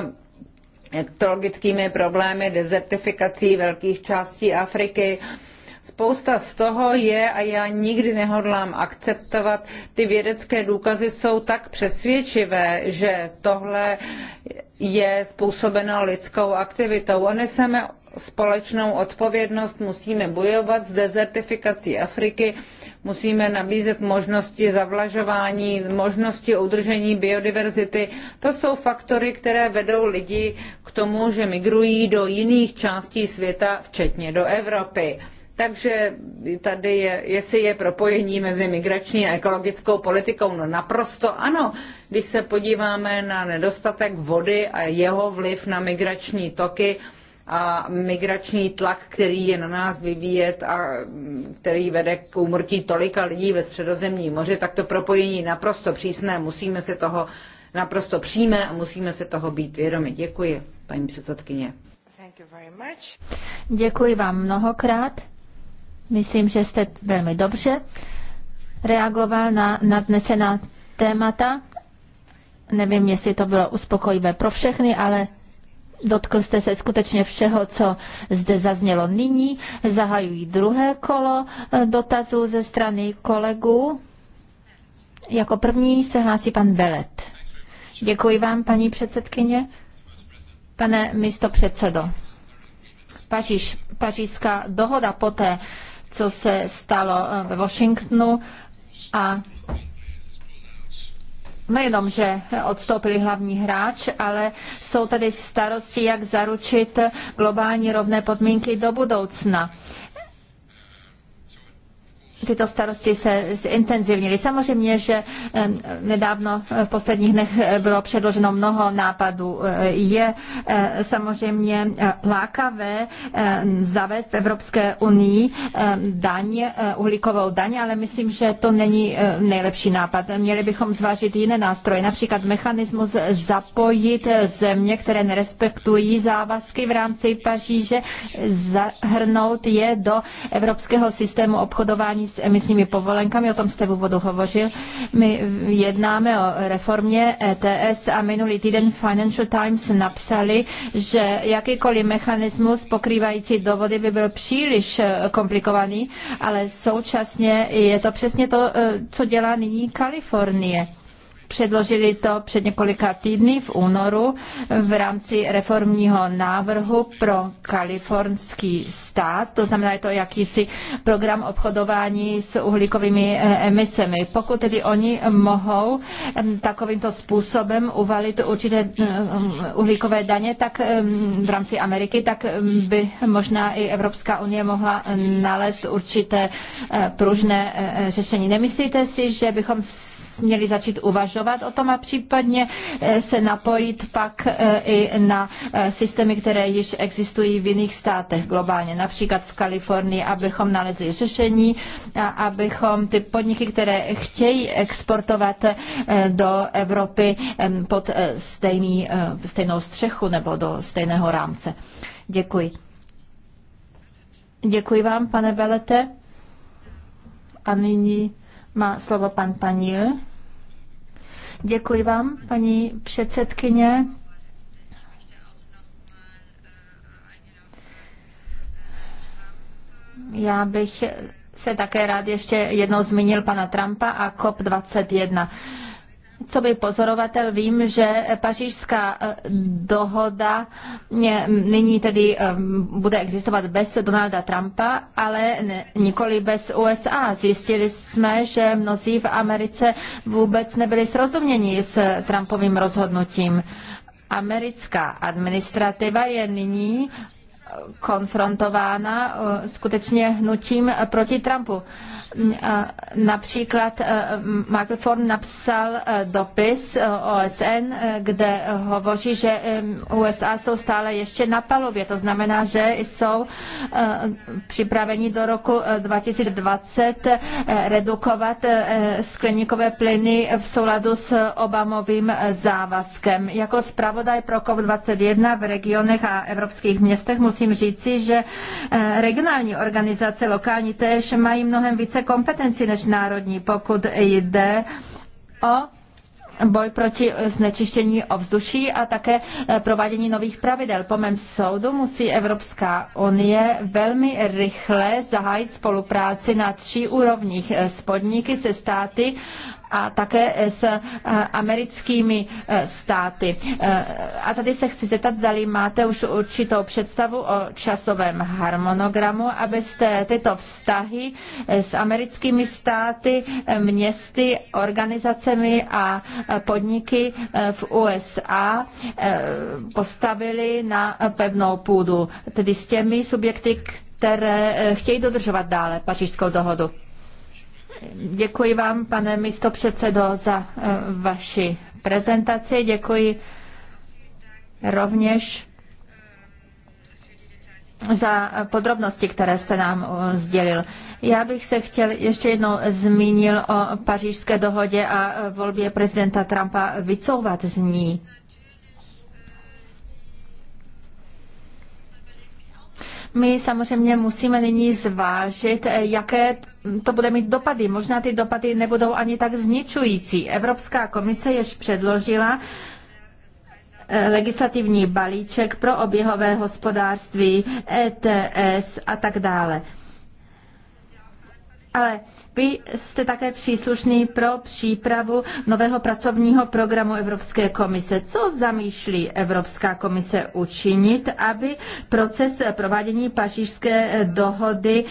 ekologickými problémy, dezertifikací velkých částí Afriky. Spousta z toho je, a já nikdy nehodlám akceptovat, ty vědecké důkazy jsou tak přesvědčivé, že tohle je způsobeno lidskou aktivitou. A neseme společnou odpovědnost, musíme bojovat s dezertifikací Afriky, Musíme nabízet možnosti zavlažování, možnosti udržení biodiverzity. To jsou faktory, které vedou lidi k tomu, že migrují do jiných částí světa, včetně do Evropy. Takže tady je, jestli je propojení mezi migrační a ekologickou politikou, no naprosto ano. Když se podíváme na nedostatek vody a jeho vliv na migrační toky, a migrační tlak, který je na nás vyvíjet a který vede k úmrtí tolika lidí ve středozemní moři, tak to propojení naprosto přísné, musíme se toho naprosto přijme a musíme se toho být vědomi. Děkuji, paní předsedkyně. Děkuji vám mnohokrát. Myslím, že jste velmi dobře reagoval na nadnesená témata. Nevím, jestli to bylo uspokojivé pro všechny, ale Dotkl jste se skutečně všeho, co zde zaznělo. Nyní zahajují druhé kolo eh, dotazů ze strany kolegů. Jako první se hlásí pan Belet. Děkuji vám, paní předsedkyně. Pane místopředsedo, Paříž, pařížská dohoda poté, co se stalo eh, ve Washingtonu a nejenom, že odstoupili hlavní hráč, ale jsou tady starosti, jak zaručit globální rovné podmínky do budoucna tyto starosti se zintenzivnily. Samozřejmě, že nedávno eh, v posledních dnech eh, bylo předloženo mnoho nápadů. Eh, je samozřejmě lákavé zavést v Evropské unii daň, uhlíkovou daň, ale myslím, že to není nejlepší nápad. Měli bychom zvážit jiné nástroje, například mechanismus zapojit země, které nerespektují závazky v rámci Paříže, zahrnout je do evropského systému obchodování s emisními povolenkami, o tom jste v úvodu hovořil. My jednáme o reformě ETS a minulý týden Financial Times napsali, že jakýkoliv mechanismus pokrývající dovody by byl příliš eh, komplikovaný, ale současně je to přesně to, eh, co dělá nyní Kalifornie. Předložili to před několika týdny v únoru v rámci reformního návrhu pro kalifornský stát. To znamená, je to jakýsi program obchodování s uhlíkovými eh, emisemi. Pokud tedy oni mohou takovýmto způsobem uvalit určité eh, eh, uhlíkové daně, tak v rámci Ameriky, tak by možná i Evropská unie mohla nalézt určité pružné řešení. Nemyslíte si, že bychom měli začít uvažovat o tom a případně eh, se napojit pak eh, i na eh, systémy, které již existují v jiných státech globálně, například v Kalifornii, abychom nalezli řešení, a abychom ty podniky, které chtějí exportovat do Evropy pod stejný, stejnou střechu nebo do stejného rámce. Děkuji. Děkuji vám, pane Belete. A nyní má slovo pan Panil. Děkuji vám, paní předsedkyně. Já bych se také rád ještě jednou zmínil pana Trumpa a COP21 co by pozorovatel vím, že pařížská eh, dohoda eh, nyní tedy eh, bude existovat bez Donalda Trumpa, ale nikoli bez USA. Zjistili jsme, že mnozí v Americe vůbec nebyli srozuměni s Trumpovým rozhodnutím. Americká administrativa je nyní konfrontována eh, skutečně hnutím proti Trumpu. Eh, například eh, Michael Ford napsal dopis OSN, kde hovoří, že USA jsou stále ještě na palubě. To znamená, že jsou připraveni do roku 2020 redukovat skleníkové plyny v souladu s Obamovým závazkem. Jako zpravodaj pro COP21 v regionech a evropských městech musím musím říci, že eh, regionální organizace lokální též mají mnohem více kompetenci než národní, pokud jde o boj proti znečištění ovzduší a také eh, provádění nových pravidel. Po mém soudu musí Evropská unie velmi rychle zahájit spolupráci na tří úrovních eh, s podniky, se státy a také s eh, americkými eh, státy. Eh, a tady se chci zeptat, zdali máte už určitou představu o časovém harmonogramu, abyste tyto vztahy s americkými státy, městy, organizacemi a podniky v USA postavili na pevnou půdu, tedy s těmi subjekty, které chtějí dodržovat dále pařížskou dohodu. Děkuji vám, pane místopředsedo, za eh, vaši prezentaci. Děkuji rovněž za podrobnosti, které jste nám eh, sdělil. Já bych se chtěl ještě jednou zmínil o pařížské dohodě a eh, volbě prezidenta Trumpa vycouvat z ní. My samozřejmě musíme nyní zvážit, jaké to bude mít dopady. Možná ty dopady nebudou ani tak zničující. Evropská komise jež předložila eh, legislativní balíček pro oběhové hospodářství, ETS a tak dále. Ale vy jste také příslušný pro přípravu nového pracovního programu Evropské komise. Co zamýšlí Evropská komise učinit, aby proces provádění pařížské dohody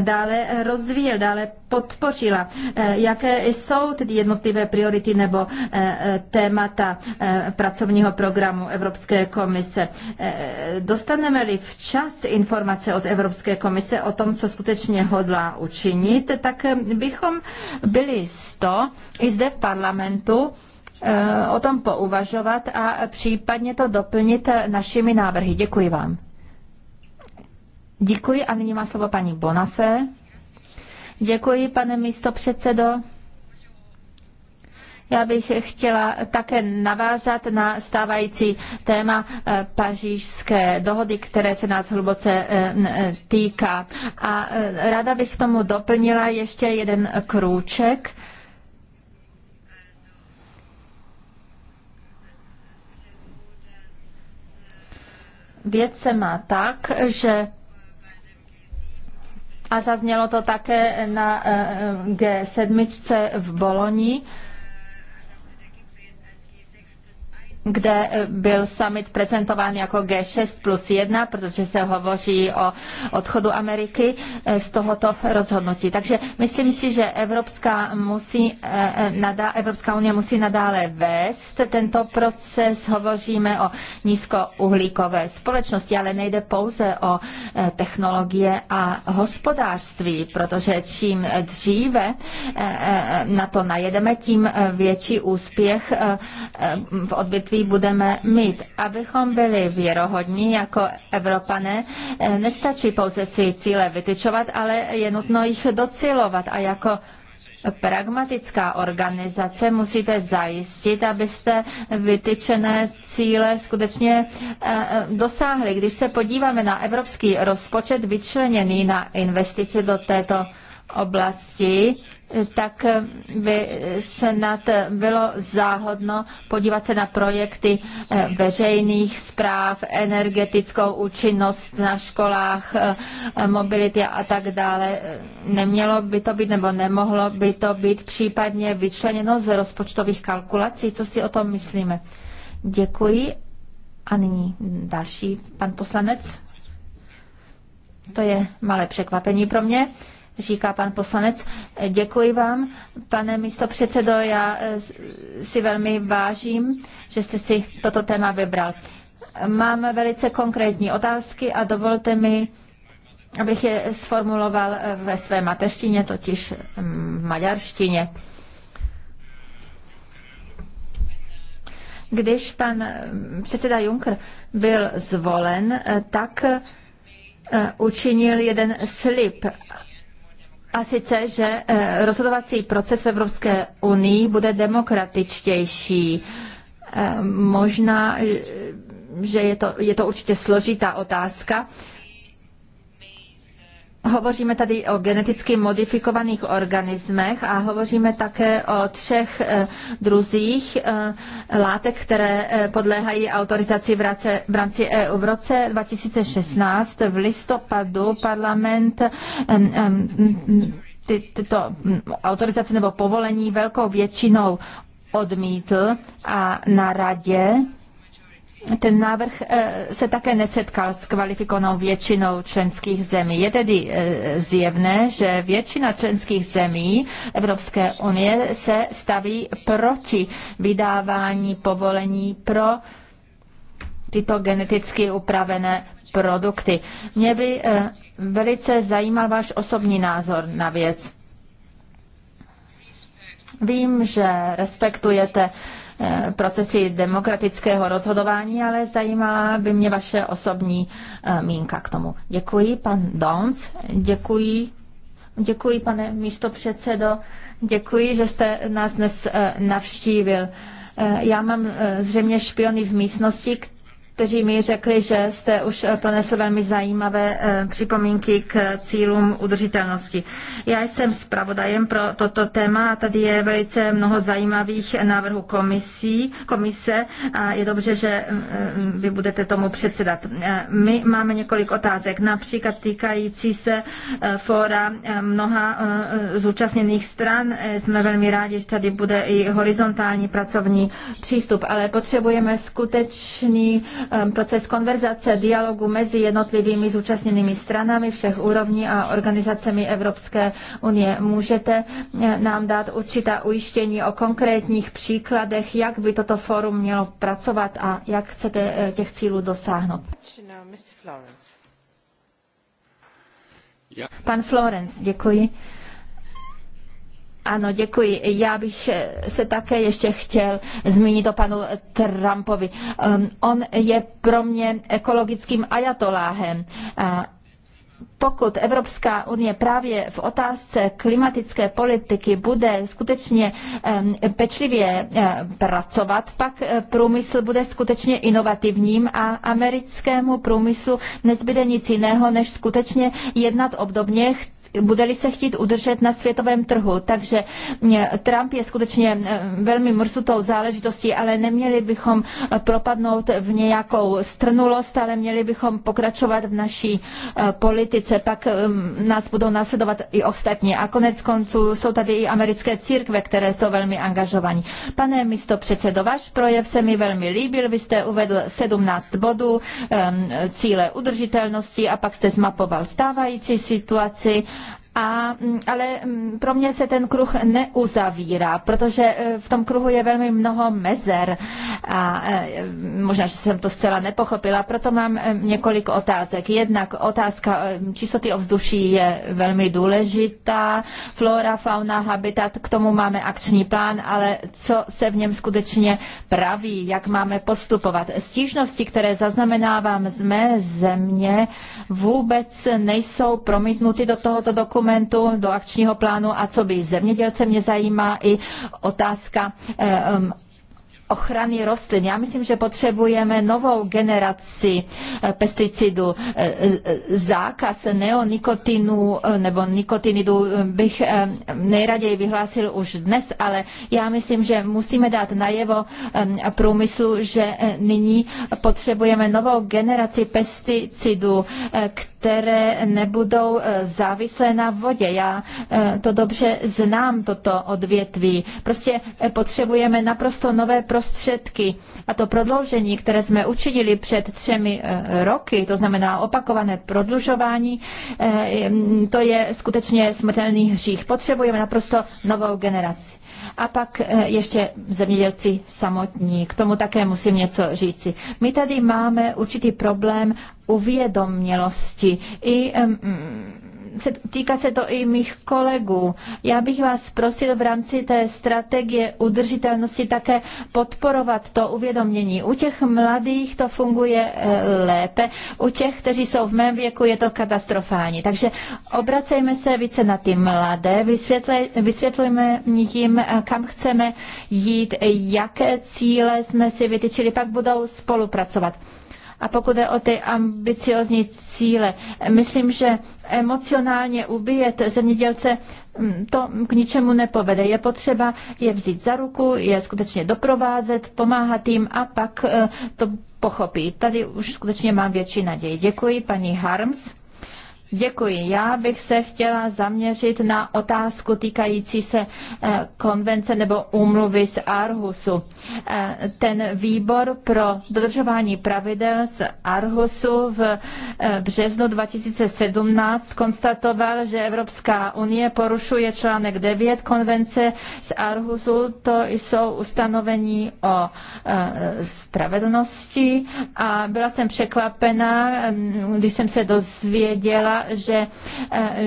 dále rozvíjel, dále podpořila? Eh, jaké jsou tedy jednotlivé priority nebo eh, témata eh, pracovního programu Evropské komise? Dostaneme-li včas informace od Evropské komise o tom, co skutečně hodlá učinit, tak kdybychom byli sto i zde v parlamentu, eh, o tom pouvažovat a případně to doplnit našimi návrhy. Děkuji vám. Děkuji a nyní má slovo paní Bonafé. Děkuji, pane místo předsedo. Já bych chtěla také navázat na stávající téma eh, pařížské dohody, které se nás hluboce eh, eh, týká. A ráda bych k tomu doplnila ještě jeden krůček. Věc se má tak, že a zaznělo to také na G7 v Bolonii. kde eh, byl summit prezentován jako G6 plus 1, protože se hovoří o odchodu Ameriky eh, z tohoto rozhodnutí. Takže myslím si, že Evropská, musí, eh, Evropská unie musí nadále vést tento proces. Hovoříme o nízkouhlíkové společnosti, ale nejde pouze o technologie a hospodářství, protože čím dříve na to najedeme, tím větší úspěch v odbytví který budeme mít. Abychom byli věrohodní jako Evropané, eh, nestačí pouze si cíle vytyčovat, ale je nutno jich docilovat a jako pragmatická organizace musíte zajistit, abyste vytyčené cíle skutečně eh, eh, dosáhli. Když se podíváme na evropský rozpočet vyčleněný na investice do této oblasti, tak by snad bylo záhodno podívat se na projekty eh, veřejných zpráv, energetickou účinnost na školách, eh, mobility a tak dále. Nemělo by to být nebo nemohlo by to být případně vyčleněno z rozpočtových kalkulací. Co si o tom myslíme? Děkuji. A nyní další pan poslanec. To je malé překvapení pro mě říká pan poslanec. Děkuji vám, pane místo předsedo, já eh, si velmi vážím, že jste si toto téma vybral. Mám velice konkrétní otázky a dovolte mi, abych je sformuloval eh, ve své mateřštině, totiž v mm, maďarštině. Když pan mm, předseda Juncker byl zvolen, eh, tak učinil jeden slib a sice, že eh, rozhodovací proces v Evropské unii bude demokratičtější. Eh, možná, eh, že je to, je to určitě složitá otázka, Hovoříme tady o geneticky modifikovaných organismech a hovoříme také o třech eh, druzích eh, látek, které eh, podléhají autorizaci v rámci EU. V roce 2016 v listopadu parlament tyto hm, autorizace nebo povolení velkou většinou odmítl a na radě ten návrh eh, se také nesetkal s kvalifikovanou většinou členských zemí. Je tedy eh, zjevné, že většina členských zemí Evropské unie se staví proti vydávání povolení pro tyto geneticky upravené produkty. Mě by eh, velice zajímal váš osobní názor na věc. Vím, že respektujete uh, Eh, procesy demokratického rozhodování, ale zajímala by mě vaše osobní eh, mínka k tomu. Děkuji, pan Donc, Děkuji. Děkuji, pane místo předsedo. Děkuji, že jste nás dnes eh, navštívil. Já mám zřejmě špiony v místnosti, kteří mi řekli, že jste už eh, pronesl velmi zajímavé eh, připomínky k cílům udržitelnosti. Já jsem zpravodajem pro toto téma a tady je velice mnoho zajímavých návrhů komisí, komise a je dobře, že mm, mm, vy budete tomu předsedat. Eh, my máme několik otázek, například týkající se fóra mnoha zúčastněných stran. Jsme velmi rádi, že tady bude i horizontální pracovní přístup, ale potřebujeme skutečný proces konverzace, dialogu mezi jednotlivými zúčastněnými stranami všech úrovní a organizacemi Evropské unie. Můžete eh, nám dát určitá ujištění o konkrétních příkladech, jak by toto fórum mělo pracovat a jak chcete eh, těch cílů dosáhnout? Pan Florence, děkuji. Ano, děkuji. Já bych se také ještě chtěl zmínit o panu Trumpovi. Um, on je pro mě ekologickým ajatoláhem pokud Evropská unie právě v otázce klimatické politiky bude skutečně um, pečlivě eh, pracovat, pak eh, průmysl bude skutečně inovativním a americkému průmyslu nezbyde nic jiného, než skutečně jednat obdobně, bude-li se chtít udržet na světovém trhu. Takže eh, Trump je skutečně eh, velmi mrzutou záležitostí, ale neměli bychom eh, propadnout v nějakou strnulost, ale měli bychom pokračovat v naší politice. Pak nás budou následovat i ostatní. A konec konců jsou tady i americké církve, které jsou velmi angažovaní. Pane místo předsedo, váš projev se mi velmi líbil. Vy jste uvedl 17 bodů, cíle udržitelnosti a pak jste zmapoval stávající situaci a, mm, ale mm, pro mě se ten kruh neuzavírá, protože e, v tom kruhu je velmi mnoho mezer a e, možná, že jsem to zcela nepochopila, proto mám e, několik otázek. Jednak otázka čistoty ovzduší je velmi důležitá, flora, fauna, habitat, k tomu máme akční plán, ale co se v něm skutečně praví, jak máme postupovat. Stížnosti, které zaznamenávám z mé země, vůbec nejsou promítnuty do tohoto dokumentu dokumentu, do akčního plánu a co by zemědělce mě zajímá i otázka eh, ochrany rostlin. Já myslím, že potřebujeme novou generaci eh, pesticidů. Eh, eh, zákaz neonikotinu nebo nikotinidu bych nejraději vyhlásil už dnes, ale já myslím, že musíme dát najevo průmyslu, že nyní potřebujeme novou generaci pesticidů, které nebudou závislé na vodě. Já to dobře znám, toto odvětví. Prostě potřebujeme naprosto nové prostředí prostředky a to prodloužení, které jsme učinili před třemi eh, roky, to znamená opakované prodlužování, eh, mm, to je skutečně smrtelný hřích. Potřebujeme naprosto novou generaci. A pak eh, ještě zemědělci samotní. K tomu také musím něco říci. My tady máme určitý problém uvědomělosti i um, týká se to i mých kolegů. Já bych vás prosil v rámci té strategie udržitelnosti také podporovat to uvědomění. U těch mladých to funguje eh, lépe, u těch, kteří jsou v mém věku, je to katastrofální. Takže obracejme se více na ty mladé, vysvětlujme jim, eh, kam chceme jít, jaké cíle jsme si vytyčili, pak budou spolupracovat. A pokud je o ty ambiciozní cíle, myslím, že emocionálně ubíjet zemědělce mm, to k ničemu nepovede. Je potřeba je vzít za ruku, je skutečně doprovázet, pomáhat jim a pak eh, to pochopí. Tady už skutečně mám větší naději. Děkuji paní Harms. Děkuji. Já bych se chtěla zaměřit na otázku týkající se eh, konvence nebo úmluvy z Arhusu. Eh, ten výbor pro dodržování pravidel z Arhusu v eh, březnu 2017 konstatoval, že Evropská unie porušuje článek 9 konvence z Arhusu. To jsou ustanovení o spravedlnosti a byla jsem překvapená, mm, když jsem se dozvěděla, že e,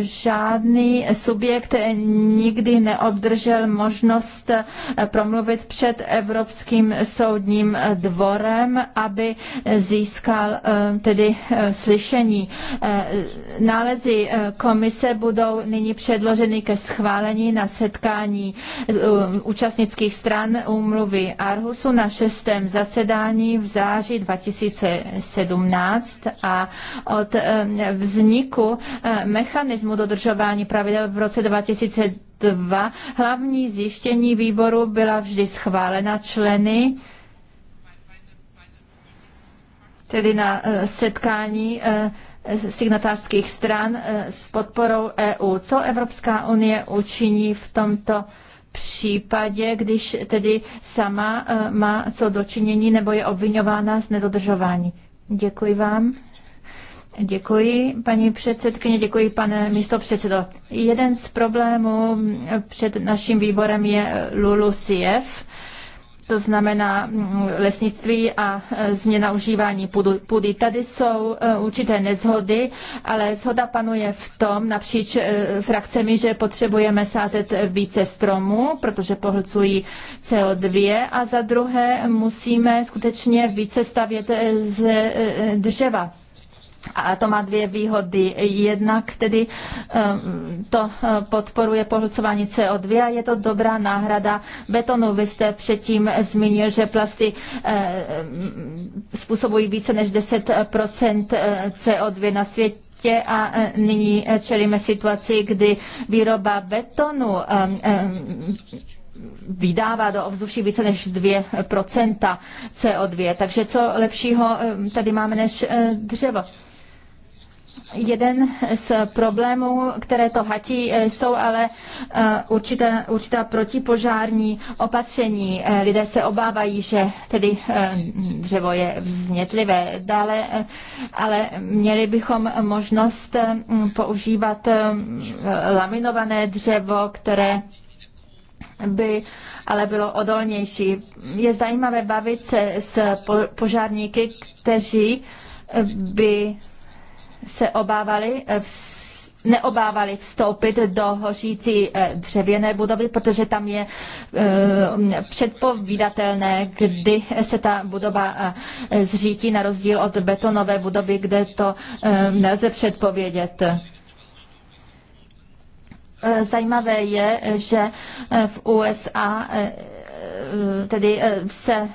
žádný subjekt nikdy neobdržel možnost e, promluvit před Evropským soudním dvorem, aby získal e, tedy slyšení. Nálezy komise budou nyní předloženy ke schválení na setkání účastnických stran úmluvy Arhusu na šestém zasedání v září 2017 a od vzniku výjimku eh, mechanismu dodržování pravidel v roce 2002. Hlavní zjištění výboru byla vždy schválena členy tedy na eh, setkání eh, signatářských stran s podporou EU. Co Evropská unie učiní v tomto případě, když tedy sama má co dočinění nebo je obvinována z nedodržování? Děkuji vám. Děkuji, paní předsedkyně, děkuji, pane předsedo. Jeden z problémů před naším výborem je LULUCF, to znamená lesnictví a změna užívání půdy. Tady jsou e, určité nezhody, ale zhoda panuje v tom napříč e, frakcemi, že potřebujeme sázet více stromů, protože pohlcují CO2 a za druhé musíme skutečně více stavět e, z dřeva a to má dvě výhody. Jednak tedy eh, to eh, podporuje pohlcování CO2 a je to dobrá náhrada betonu. Vy jste předtím zmínil, že plasty eh, způsobují více než 10 CO2 na světě světě a nyní čelíme situaci, kdy výroba betonu vydává do ovzduší více než 2% CO2. Takže co lepšího tady máme než dřevo? Jeden z problémů, které to hatí, eh, jsou ale eh, určitá, určitá protipožární opatření. Eh, lidé se obávají, že tedy dřevo je vznětlivé. Dále, ale měli bychom možnost používat laminované dřevo, které by ale bylo odolnější. Je zajímavé bavit se s požárníky, kteří by se obávali eh, neobávali vstoupit do hořící eh, dřevěné budovy, protože tam je eh, předpovídatelné, kdy se ta budova zřítí na rozdíl od betonové budovy, kde to nelze předpovědět. Zajímavé je, že v USA tedy se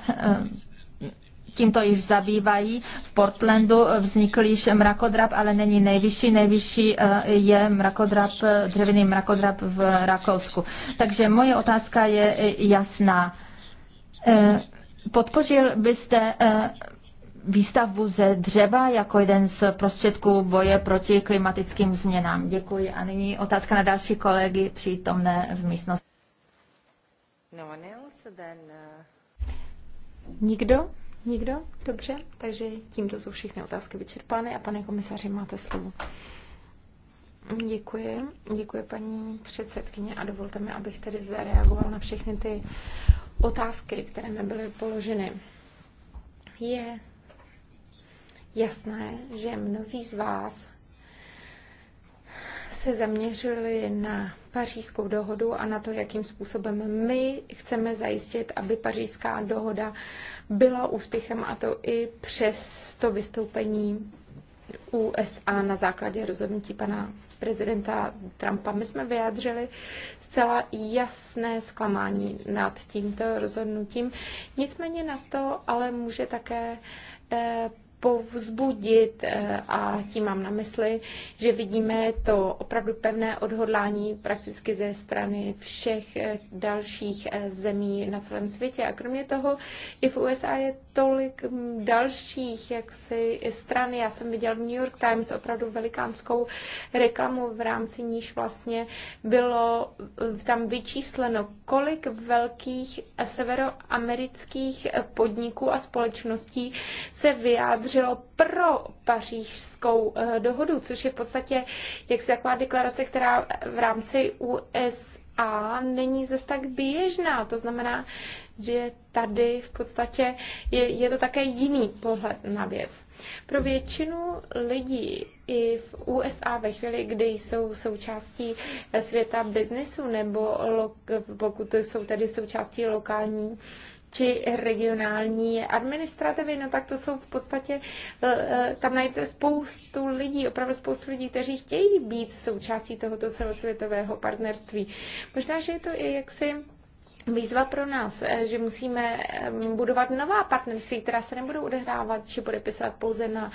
tímto již zabývají. V Portlandu vznikl již mrakodrap, ale není nejvyšší. Nejvyšší eh, je mrakodrap, eh, dřevěný mrakodrap v Rakousku. Takže moje otázka je eh, jasná. Podpořil byste výstavbu ze dřeva jako jeden z prostředků boje proti klimatickým změnám. Děkuji. A nyní otázka na další kolegy přítomné v místnosti. No uh, Nikdo? Nikdo? Dobře, takže tímto jsou všechny otázky vyčerpány a pane komisaři, máte slovo. Děkuji, děkuji paní předsedkyně a dovolte mi, abych tedy zareagoval na všechny ty otázky, které mi byly položeny. Je jasné, že mnozí z vás se zaměřili na pařížskou dohodu a na to, jakým způsobem my chceme zajistit, aby pařížská dohoda byla úspěchem a to i přes to vystoupení USA na základě rozhodnutí pana prezidenta Trumpa. My jsme vyjádřili zcela jasné zklamání nad tímto rozhodnutím. Nicméně nás to ale může také eh, povzbudit eh, a tím mám na mysli, že vidíme to opravdu pevné odhodlání prakticky ze strany všech eh, dalších eh, zemí na celém světě. A kromě toho i v USA je tolik mm, dalších jaksi stran. Já jsem viděl v New York Times opravdu velikánskou reklamu, v rámci níž vlastně bylo tam vyčísleno, kolik velkých severoamerických podniků a společností se vyjádří vyjádřilo pro pařížskou eh, dohodu, což je v podstatě jaksi taková deklarace, která v rámci USA není zase tak běžná. To znamená, že tady v podstatě je, je to také jiný pohled na věc. Pro většinu lidí i v USA ve chvíli, kdy jsou součástí světa biznesu nebo pokud jsou tedy součástí lokální či regionální administrativy, no tak to jsou v podstatě, eh, tam najdete spoustu lidí, opravdu spoustu lidí, kteří chtějí být součástí tohoto celosvětového partnerství. Možná, že je to i jaksi výzva pro nás, eh, že musíme eh, budovat nová partnerství, která se nebudou odehrávat či podepisovat pouze na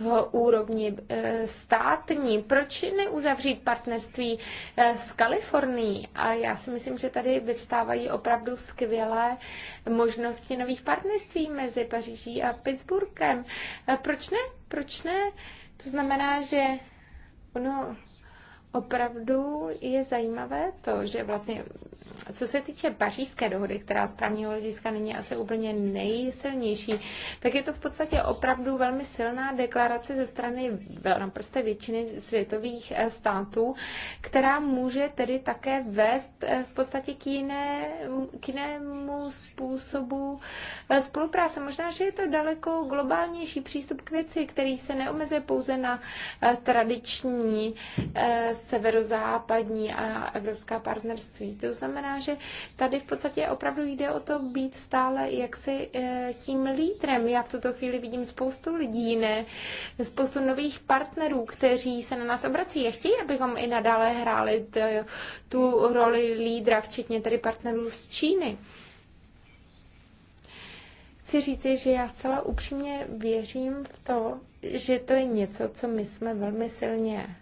eh, úrovni státní. Proč neuzavřít partnerství s Kalifornií? A já si myslím, že tady vyvstávají opravdu skvělé možnosti nových partnerství mezi Paříží a Pittsburghem. Proč ne? Proč ne? To znamená, že ono opravdu je zajímavé to, že vlastně co se týče pařížské dohody, která z právního hlediska není asi úplně nejsilnější, tak je to v podstatě opravdu velmi silná deklarace ze strany naprosté většiny světových eh, států, která může tedy také vést eh, v podstatě k, jiné, k jinému způsobu eh, spolupráce. Možná, že je to daleko globálnější přístup k věci, který se neomezuje pouze na tradiční severozápadní a evropská partnerství. To znamená, znamená, že tady v podstatě opravdu jde o to být stále jaksi eh, tím lídrem. Já v tuto chvíli vidím spoustu lidí, ne, spoustu nových partnerů, kteří se na nás obrací a chtějí, abychom i nadále hráli t, tu roli lídra, včetně tedy partnerů z Číny chci říci, že já zcela upřímně věřím v to, že to je něco, co my jsme velmi silně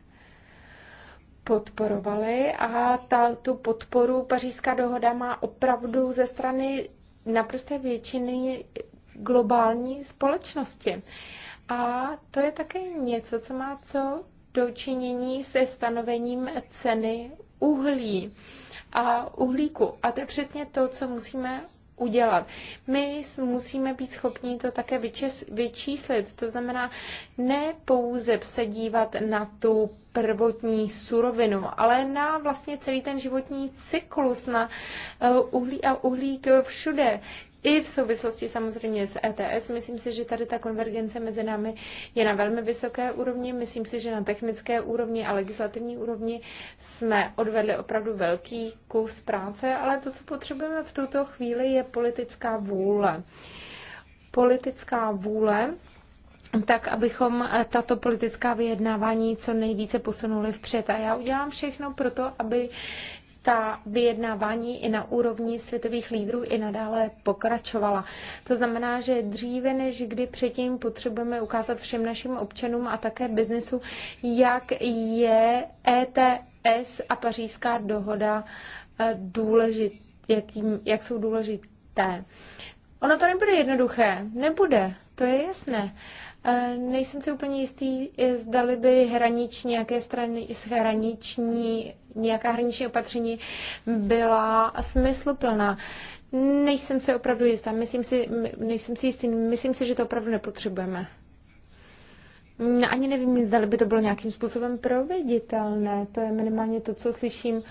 podporovali a ta, tu podporu pařížská dohoda má opravdu ze strany naprosté většiny globální společnosti. A to je také něco, co má co dočinění se stanovením ceny uhlí a uhlíku. A to je přesně to, co musíme udělat. My musíme být schopni to také vyčes, vyčíslit. To znamená, ne pouze se dívat na tu prvotní surovinu, ale na vlastně celý ten životní cyklus, na eh, uhlí a uhlík všude i v souvislosti samozřejmě s ETS. Myslím si, že tady ta konvergence mezi námi je na velmi vysoké úrovni. Myslím si, že na technické úrovni a legislativní úrovni jsme odvedli opravdu velký kus práce, ale to, co potřebujeme v tuto chvíli, je politická vůle. Politická vůle tak abychom tato politická vyjednávání co nejvíce posunuli vpřed. A já udělám všechno pro to, aby ta vyjednávání i na úrovni světových lídrů i nadále pokračovala. To znamená, že dříve než kdy předtím potřebujeme ukázat všem našim občanům a také biznesu, jak je ETS a pařížská dohoda eh, důležit, jim, jak jsou důležité. Ono to nebude jednoduché, nebude, to je jasné. Eh, nejsem si úplně jistý, eh, zdali by hraniční, nějaké strany, hraniční, nějaká hraniční opatření byla smysluplná. Nejsem si opravdu jistá, myslím si, nejsem si jistý, myslím si, že to opravdu nepotřebujeme. No, ani nevím, zda by to bylo nějakým způsobem proveditelné. To je minimálně to, co slyším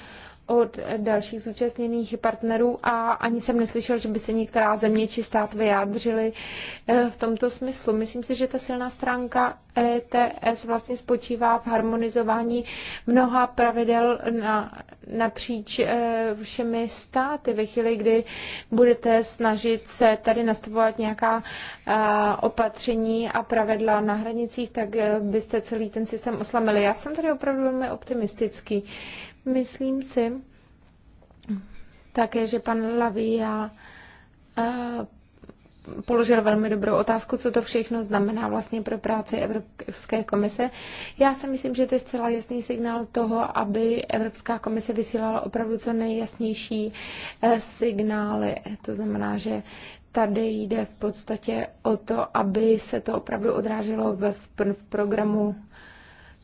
od dalších zúčastněných partnerů a ani jsem neslyšel, že by se některá země či stát vyjádřili eh, v tomto smyslu. Myslím si, že ta silná stránka ETS vlastně spočívá v harmonizování mnoha pravidel na, napříč eh, všemi státy. Ve chvíli, kdy budete snažit se tady nastavovat nějaká eh, opatření a pravidla na hranicích, tak byste celý ten systém oslamili. Já jsem tady opravdu velmi optimistický. Myslím si také, že pan Lavia eh, položil velmi dobrou otázku, co to všechno znamená vlastně pro práci Evropské komise. Já si myslím, že to je zcela jasný signál toho, aby Evropská komise vysílala opravdu co nejjasnější eh, signály. To znamená, že tady jde v podstatě o to, aby se to opravdu odráželo ve v programu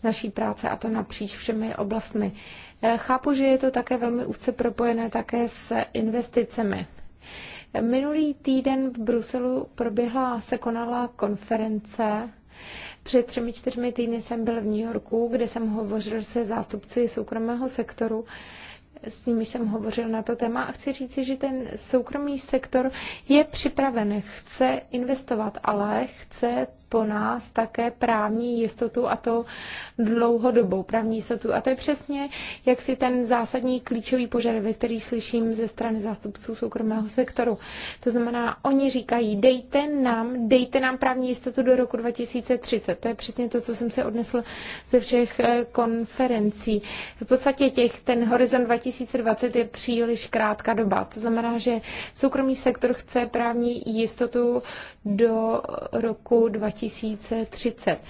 naší práce a to napříč všemi oblastmi. Chápu, že je to také velmi úzce propojené také s investicemi. Minulý týden v Bruselu proběhla, se konala konference. Před třemi, čtyřmi týdny jsem byl v New Yorku, kde jsem hovořil se zástupci soukromého sektoru s nimi jsem hovořil na to téma a chci říci, že ten soukromý sektor je připraven, chce investovat, ale chce po nás také právní jistotu a to dlouhodobou právní jistotu. A to je přesně jak si ten zásadní klíčový požadavek, který slyším ze strany zástupců soukromého sektoru. To znamená, oni říkají, dejte nám, dejte nám právní jistotu do roku 2030. To je přesně to, co jsem se odnesl ze všech eh, konferencí. V podstatě těch, ten horizont 2020 je příliš krátká doba. To znamená, že soukromý sektor chce právní jistotu do roku 2020. 2030.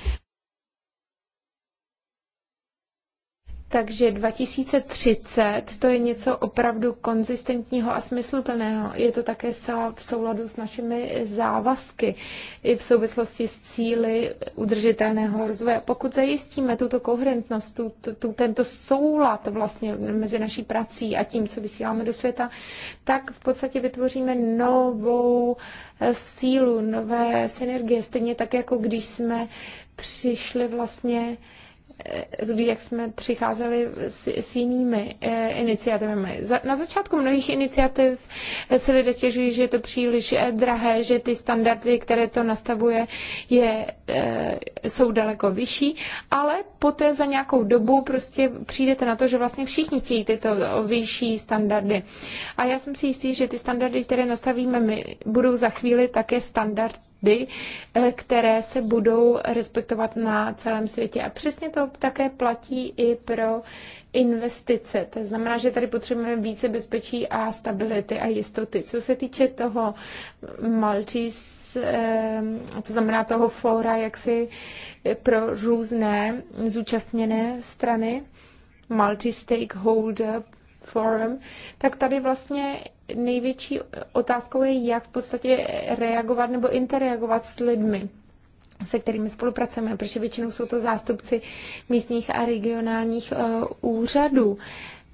Takže 2030 to je něco opravdu konzistentního a smysluplného. Je to také zcela v souladu s našimi závazky i v souvislosti s cíly udržitelného rozvoje. Pokud zajistíme tuto koherentnost, tu, tu, tento soulad vlastně mezi naší prací a tím, co vysíláme do světa, tak v podstatě vytvoříme novou eh, sílu, nové synergie. Stejně tak, jako když jsme přišli vlastně jak jsme přicházeli s, s jinými e, iniciativami. Za, na začátku mnohých iniciativ se lidé stěžují, že je to příliš e, drahé, že ty standardy, které to nastavuje, je, e, jsou daleko vyšší, ale poté za nějakou dobu prostě přijdete na to, že vlastně všichni chtějí tyto vyšší standardy. A já jsem si jistý, že ty standardy, které nastavíme my, budou za chvíli také standard dohody, eh, které se budou respektovat na celém světě. A přesně to také platí i pro investice. To znamená, že tady potřebujeme více bezpečí a stability a jistoty. Co se týče toho Maltese, eh, to znamená toho fóra, jak si pro různé zúčastněné strany, multi-stakeholder forum, tak tady vlastně největší otázkou je, jak v podstatě reagovat nebo interagovat s lidmi se kterými spolupracujeme, protože většinou jsou to zástupci místních a regionálních eh, úřadů.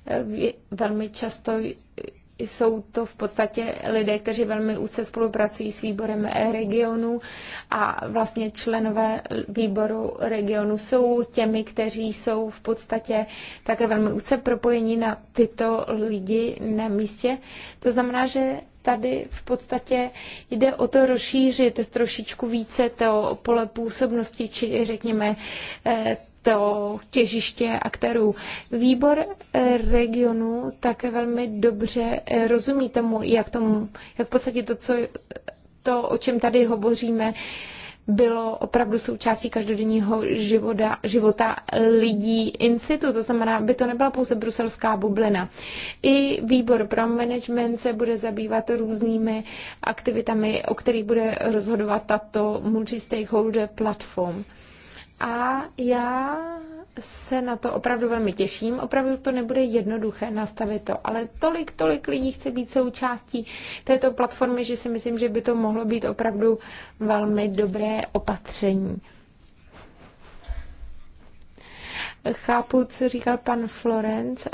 Eh, velmi často jsou to v podstatě lidé, kteří velmi úzce spolupracují s výborem regionu a vlastně členové výboru regionu jsou těmi, kteří jsou v podstatě také velmi úzce propojení na tyto lidi na místě. To znamená, že tady v podstatě jde o to rozšířit trošičku více to pole působnosti, či řekněme eh, to těžiště aktérů. Výbor eh, regionu také velmi dobře eh, rozumí tomu, jak, tomu, jak v podstatě to, co, to, o čem tady hovoříme, bylo opravdu součástí každodenního života, života lidí institu. To znamená, aby to nebyla pouze bruselská bublina. I výbor pro management se bude zabývat různými aktivitami, o kterých bude rozhodovat tato multi-stakeholder platform. A já se na to opravdu velmi těším. Opravdu to nebude jednoduché nastavit to, ale tolik, tolik lidí chce být součástí této platformy, že si myslím, že by to mohlo být opravdu velmi dobré opatření. Chápu, co říkal pan Florence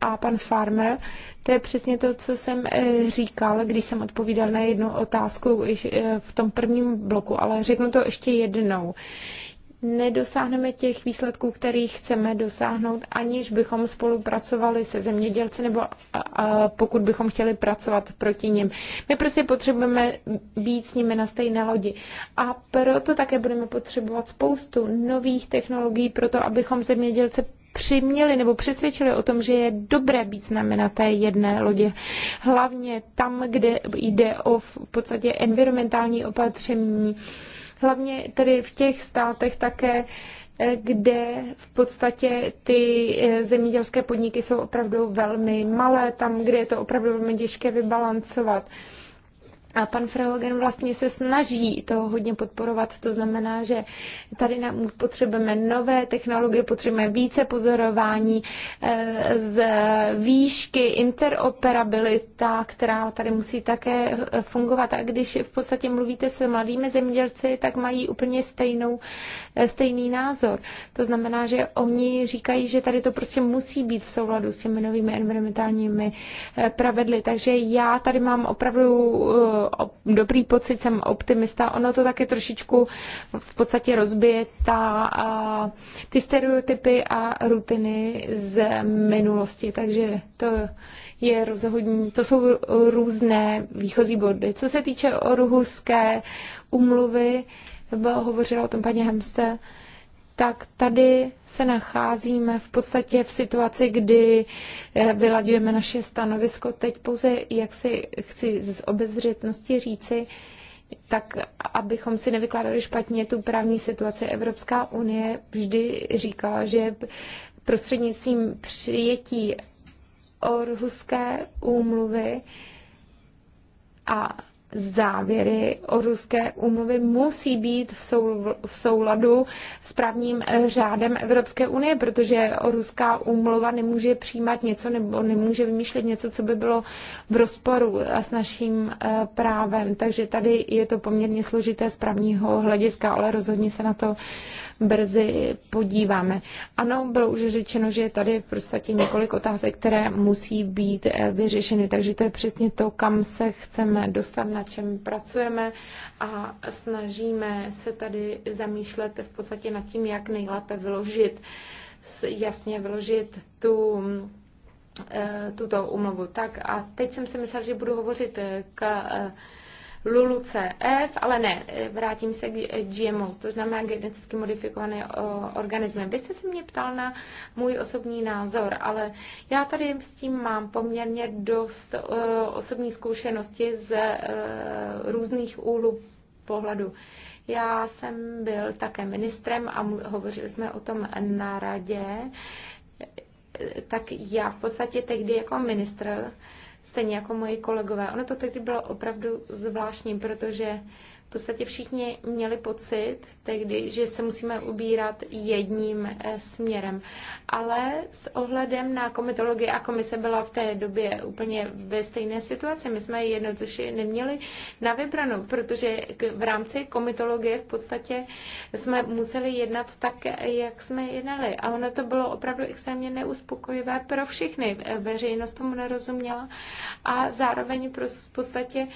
a pan Farmer. To je přesně to, co jsem eh, říkal, když jsem odpovídal na jednu otázku eh, v tom prvním bloku, ale řeknu to ještě jednou nedosáhneme těch výsledků, kterých chceme dosáhnout, aniž bychom spolupracovali se zemědělci nebo a, a, pokud bychom chtěli pracovat proti nim. My prostě potřebujeme být s nimi na stejné lodi. A proto také budeme potřebovat spoustu nových technologií, pro to, abychom zemědělce přiměli nebo přesvědčili o tom, že je dobré být s námi na té jedné lodi. Hlavně tam, kde jde o v podstatě environmentální opatření, hlavně tedy v těch státech také, eh, kde v podstatě ty eh, zemědělské podniky jsou opravdu velmi malé, tam, kde je to opravdu velmi těžké vybalancovat. A pan Frehogen vlastně se snaží to hodně podporovat, to znamená, že tady nám potřebujeme nové technologie, potřebujeme více pozorování eh, z výšky, interoperabilita, která tady musí také eh, fungovat. A když v podstatě mluvíte se mladými zemědělci, tak mají úplně stejnou, eh, stejný názor. To znamená, že oni říkají, že tady to prostě musí být v souladu s těmi novými environmentálními pravidly. Takže já tady mám opravdu dobrý pocit, jsem optimista. Ono to taky trošičku v podstatě rozbije ta, a, ty stereotypy a rutiny z minulosti. Takže to je rozhodní. to jsou různé výchozí body. Co se týče o ruhuské umluvy, hovořila o tom paní Hemste, tak tady se nacházíme v podstatě v situaci, kdy eh, vyladujeme naše stanovisko. Teď pouze, jak si chci z obezřetnosti říci, tak abychom si nevykládali špatně tu právní situaci. Evropská unie vždy říkala, že prostřednictvím přijetí Orhuské úmluvy a závěry o ruské úmluvy musí být v souladu s právním řádem Evropské unie, protože ruská úmluva nemůže přijímat něco nebo nemůže vymýšlet něco, co by bylo v rozporu s naším eh, právem. Takže tady je to poměrně složité z právního hlediska, ale rozhodně se na to brzy podíváme. Ano, bylo už řečeno, že je tady v podstatě několik otázek, které musí být eh, vyřešeny, takže to je přesně to, kam se chceme dostat, na čem pracujeme a snažíme se tady zamýšlet v podstatě nad tím, jak nejlépe vyložit, jasně vyložit tu eh, tuto umluvu. Tak a teď jsem si myslela, že budu hovořit k eh, LULU CF, ale ne, vrátím se k GMO, to znamená geneticky modifikované eh, organismy. Vy jste se mě ptal na můj osobní názor, ale já tady s tím mám poměrně dost eh, osobní zkušenosti z eh, různých úhlů pohledu. Já jsem byl také ministrem a hovořili jsme o tom na radě. Tak já v podstatě tehdy jako ministr stejně jako moji kolegové. Ono to tehdy bylo opravdu zvláštní, protože v podstatě všichni měli pocit tehdy, že se musíme ubírat jedním eh, směrem. Ale s ohledem na komitologii a komise byla v té době úplně ve stejné situaci. My jsme ji jednoduše neměli na vybranou, protože v rámci komitologie v podstatě jsme museli jednat tak, jak jsme jednali. A ono to bylo opravdu extrémně neuspokojivé pro všechny. Eh, veřejnost tomu nerozuměla a zároveň v podstatě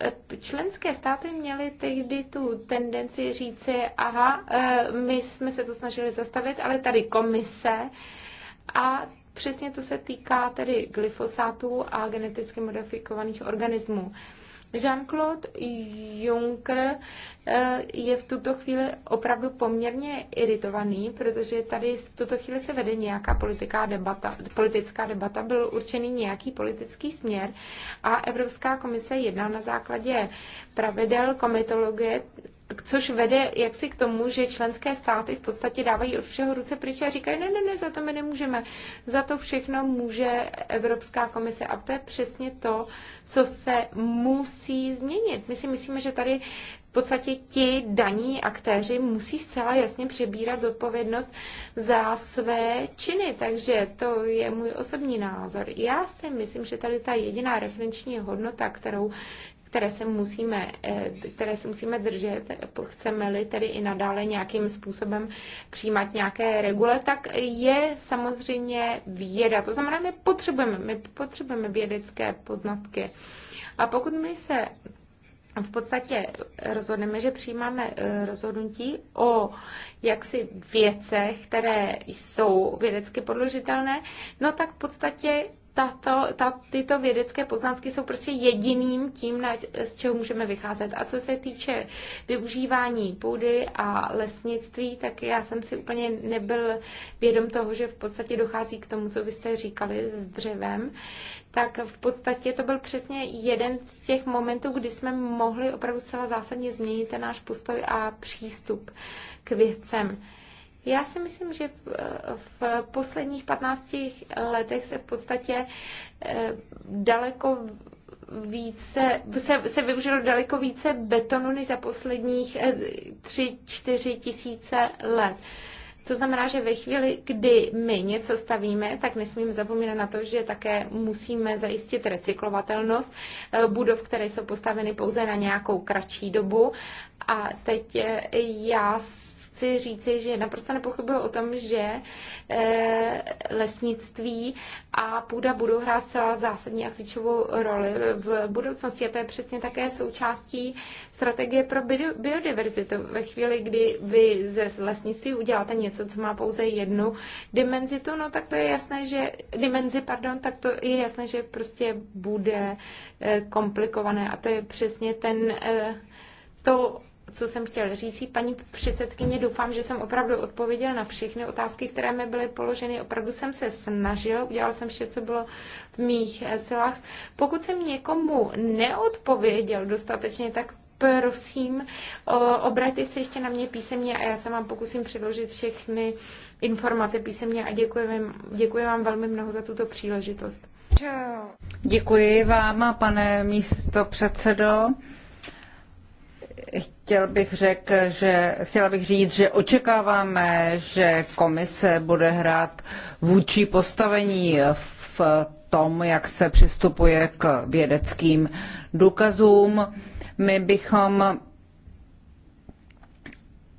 Eh, členské státy měly tehdy tu tendenci říci, aha, eh, my jsme se to snažili zastavit, ale tady komise a přesně to se týká tedy glyfosátů a geneticky modifikovaných organismů. Jean-Claude Juncker eh, je v tuto chvíli opravdu poměrně iritovaný, protože tady v tuto chvíli se vede nějaká politická debata. Politická debata byl určený nějaký politický směr a Evropská komise jedná na základě pravidel komitologie, což vede jaksi k tomu, že členské státy v podstatě dávají od všeho ruce pryč a říkají, ne, ne, ne, za to my nemůžeme. Za to všechno může Evropská komise. A to je přesně to, co se musí změnit. My si myslíme, že tady v podstatě ti daní aktéři musí zcela jasně přebírat zodpovědnost za své činy, takže to je můj osobní názor. Já si myslím, že tady ta jediná referenční hodnota, kterou které se musíme, eh, které se musíme držet, chceme-li tedy i nadále nějakým způsobem přijímat nějaké regule, tak je samozřejmě věda. To znamená, my potřebujeme, my potřebujeme vědecké poznatky. A pokud my se v podstatě rozhodneme, že přijímáme eh, rozhodnutí o jaksi věcech, které jsou vědecky podložitelné, no tak v podstatě tato, ta, tyto vědecké poznatky jsou prostě jediným tím, na, z čeho můžeme vycházet. A co se týče využívání půdy a lesnictví, tak já jsem si úplně nebyl vědom toho, že v podstatě dochází k tomu, co vy jste říkali s dřevem. Tak v podstatě to byl přesně jeden z těch momentů, kdy jsme mohli opravdu zcela zásadně změnit ten náš postoj a přístup k věcem. Já si myslím, že v posledních 15 letech se v podstatě eh, daleko více, se, se využilo daleko více betonu než za posledních 3-4 eh, tisíce let. To znamená, že ve chvíli, kdy my něco stavíme, tak nesmíme zapomínat na to, že také musíme zajistit recyklovatelnost eh, budov, které jsou postaveny pouze na nějakou kratší dobu. A teď já chci říci, že naprosto nepochybuji o tom, že eh, lesnictví a půda budou hrát celá zásadní a klíčovou roli v budoucnosti. A to je přesně také součástí strategie pro biodiverzitu. Ve chvíli, kdy vy ze lesnictví uděláte něco, co má pouze jednu dimenzitu, to, no tak to je jasné, že dimenzi, pardon, tak to je jasné, že prostě bude eh, komplikované. A to je přesně ten eh, to co jsem chtěl říct. Paní předsedkyně, doufám, že jsem opravdu odpověděl na všechny otázky, které mi byly položeny. Opravdu jsem se snažil, udělal jsem vše, co bylo v mých eh, silách. Pokud jsem někomu neodpověděl dostatečně, tak prosím, obraťte se ještě na mě písemně a já se vám pokusím předložit všechny informace písemně a děkuji vám, děkuji vám velmi mnoho za tuto příležitost. Děkuji vám, pane místo předsedo. Chtěl bych řek, že, chtěla bych říct, že očekáváme, že komise bude hrát vůči postavení v tom, jak se přistupuje k vědeckým důkazům. My bychom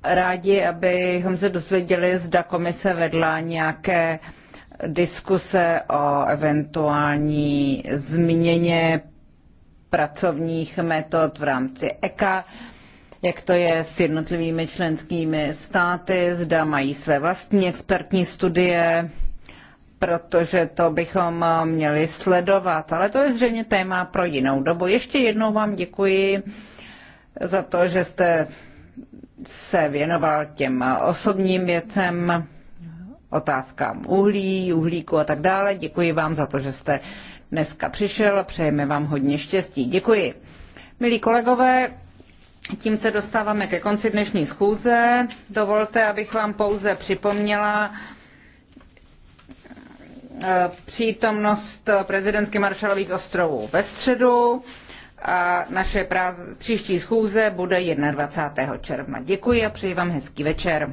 rádi, abychom se dozvěděli, zda komise vedla nějaké diskuse o eventuální změně pracovních metod v rámci EKA jak to je s jednotlivými členskými státy, zda mají své vlastní expertní studie, protože to bychom měli sledovat. Ale to je zřejmě téma pro jinou dobu. Ještě jednou vám děkuji za to, že jste se věnoval těm osobním věcem, otázkám uhlí, uhlíku a tak dále. Děkuji vám za to, že jste dneska přišel. Přejeme vám hodně štěstí. Děkuji. Milí kolegové, tím se dostáváme ke konci dnešní schůze. Dovolte, abych vám pouze připomněla eh, přítomnost prezidentky Maršalových ostrovů ve středu a naše práz... příští schůze bude 21. června. Děkuji a přeji vám hezký večer.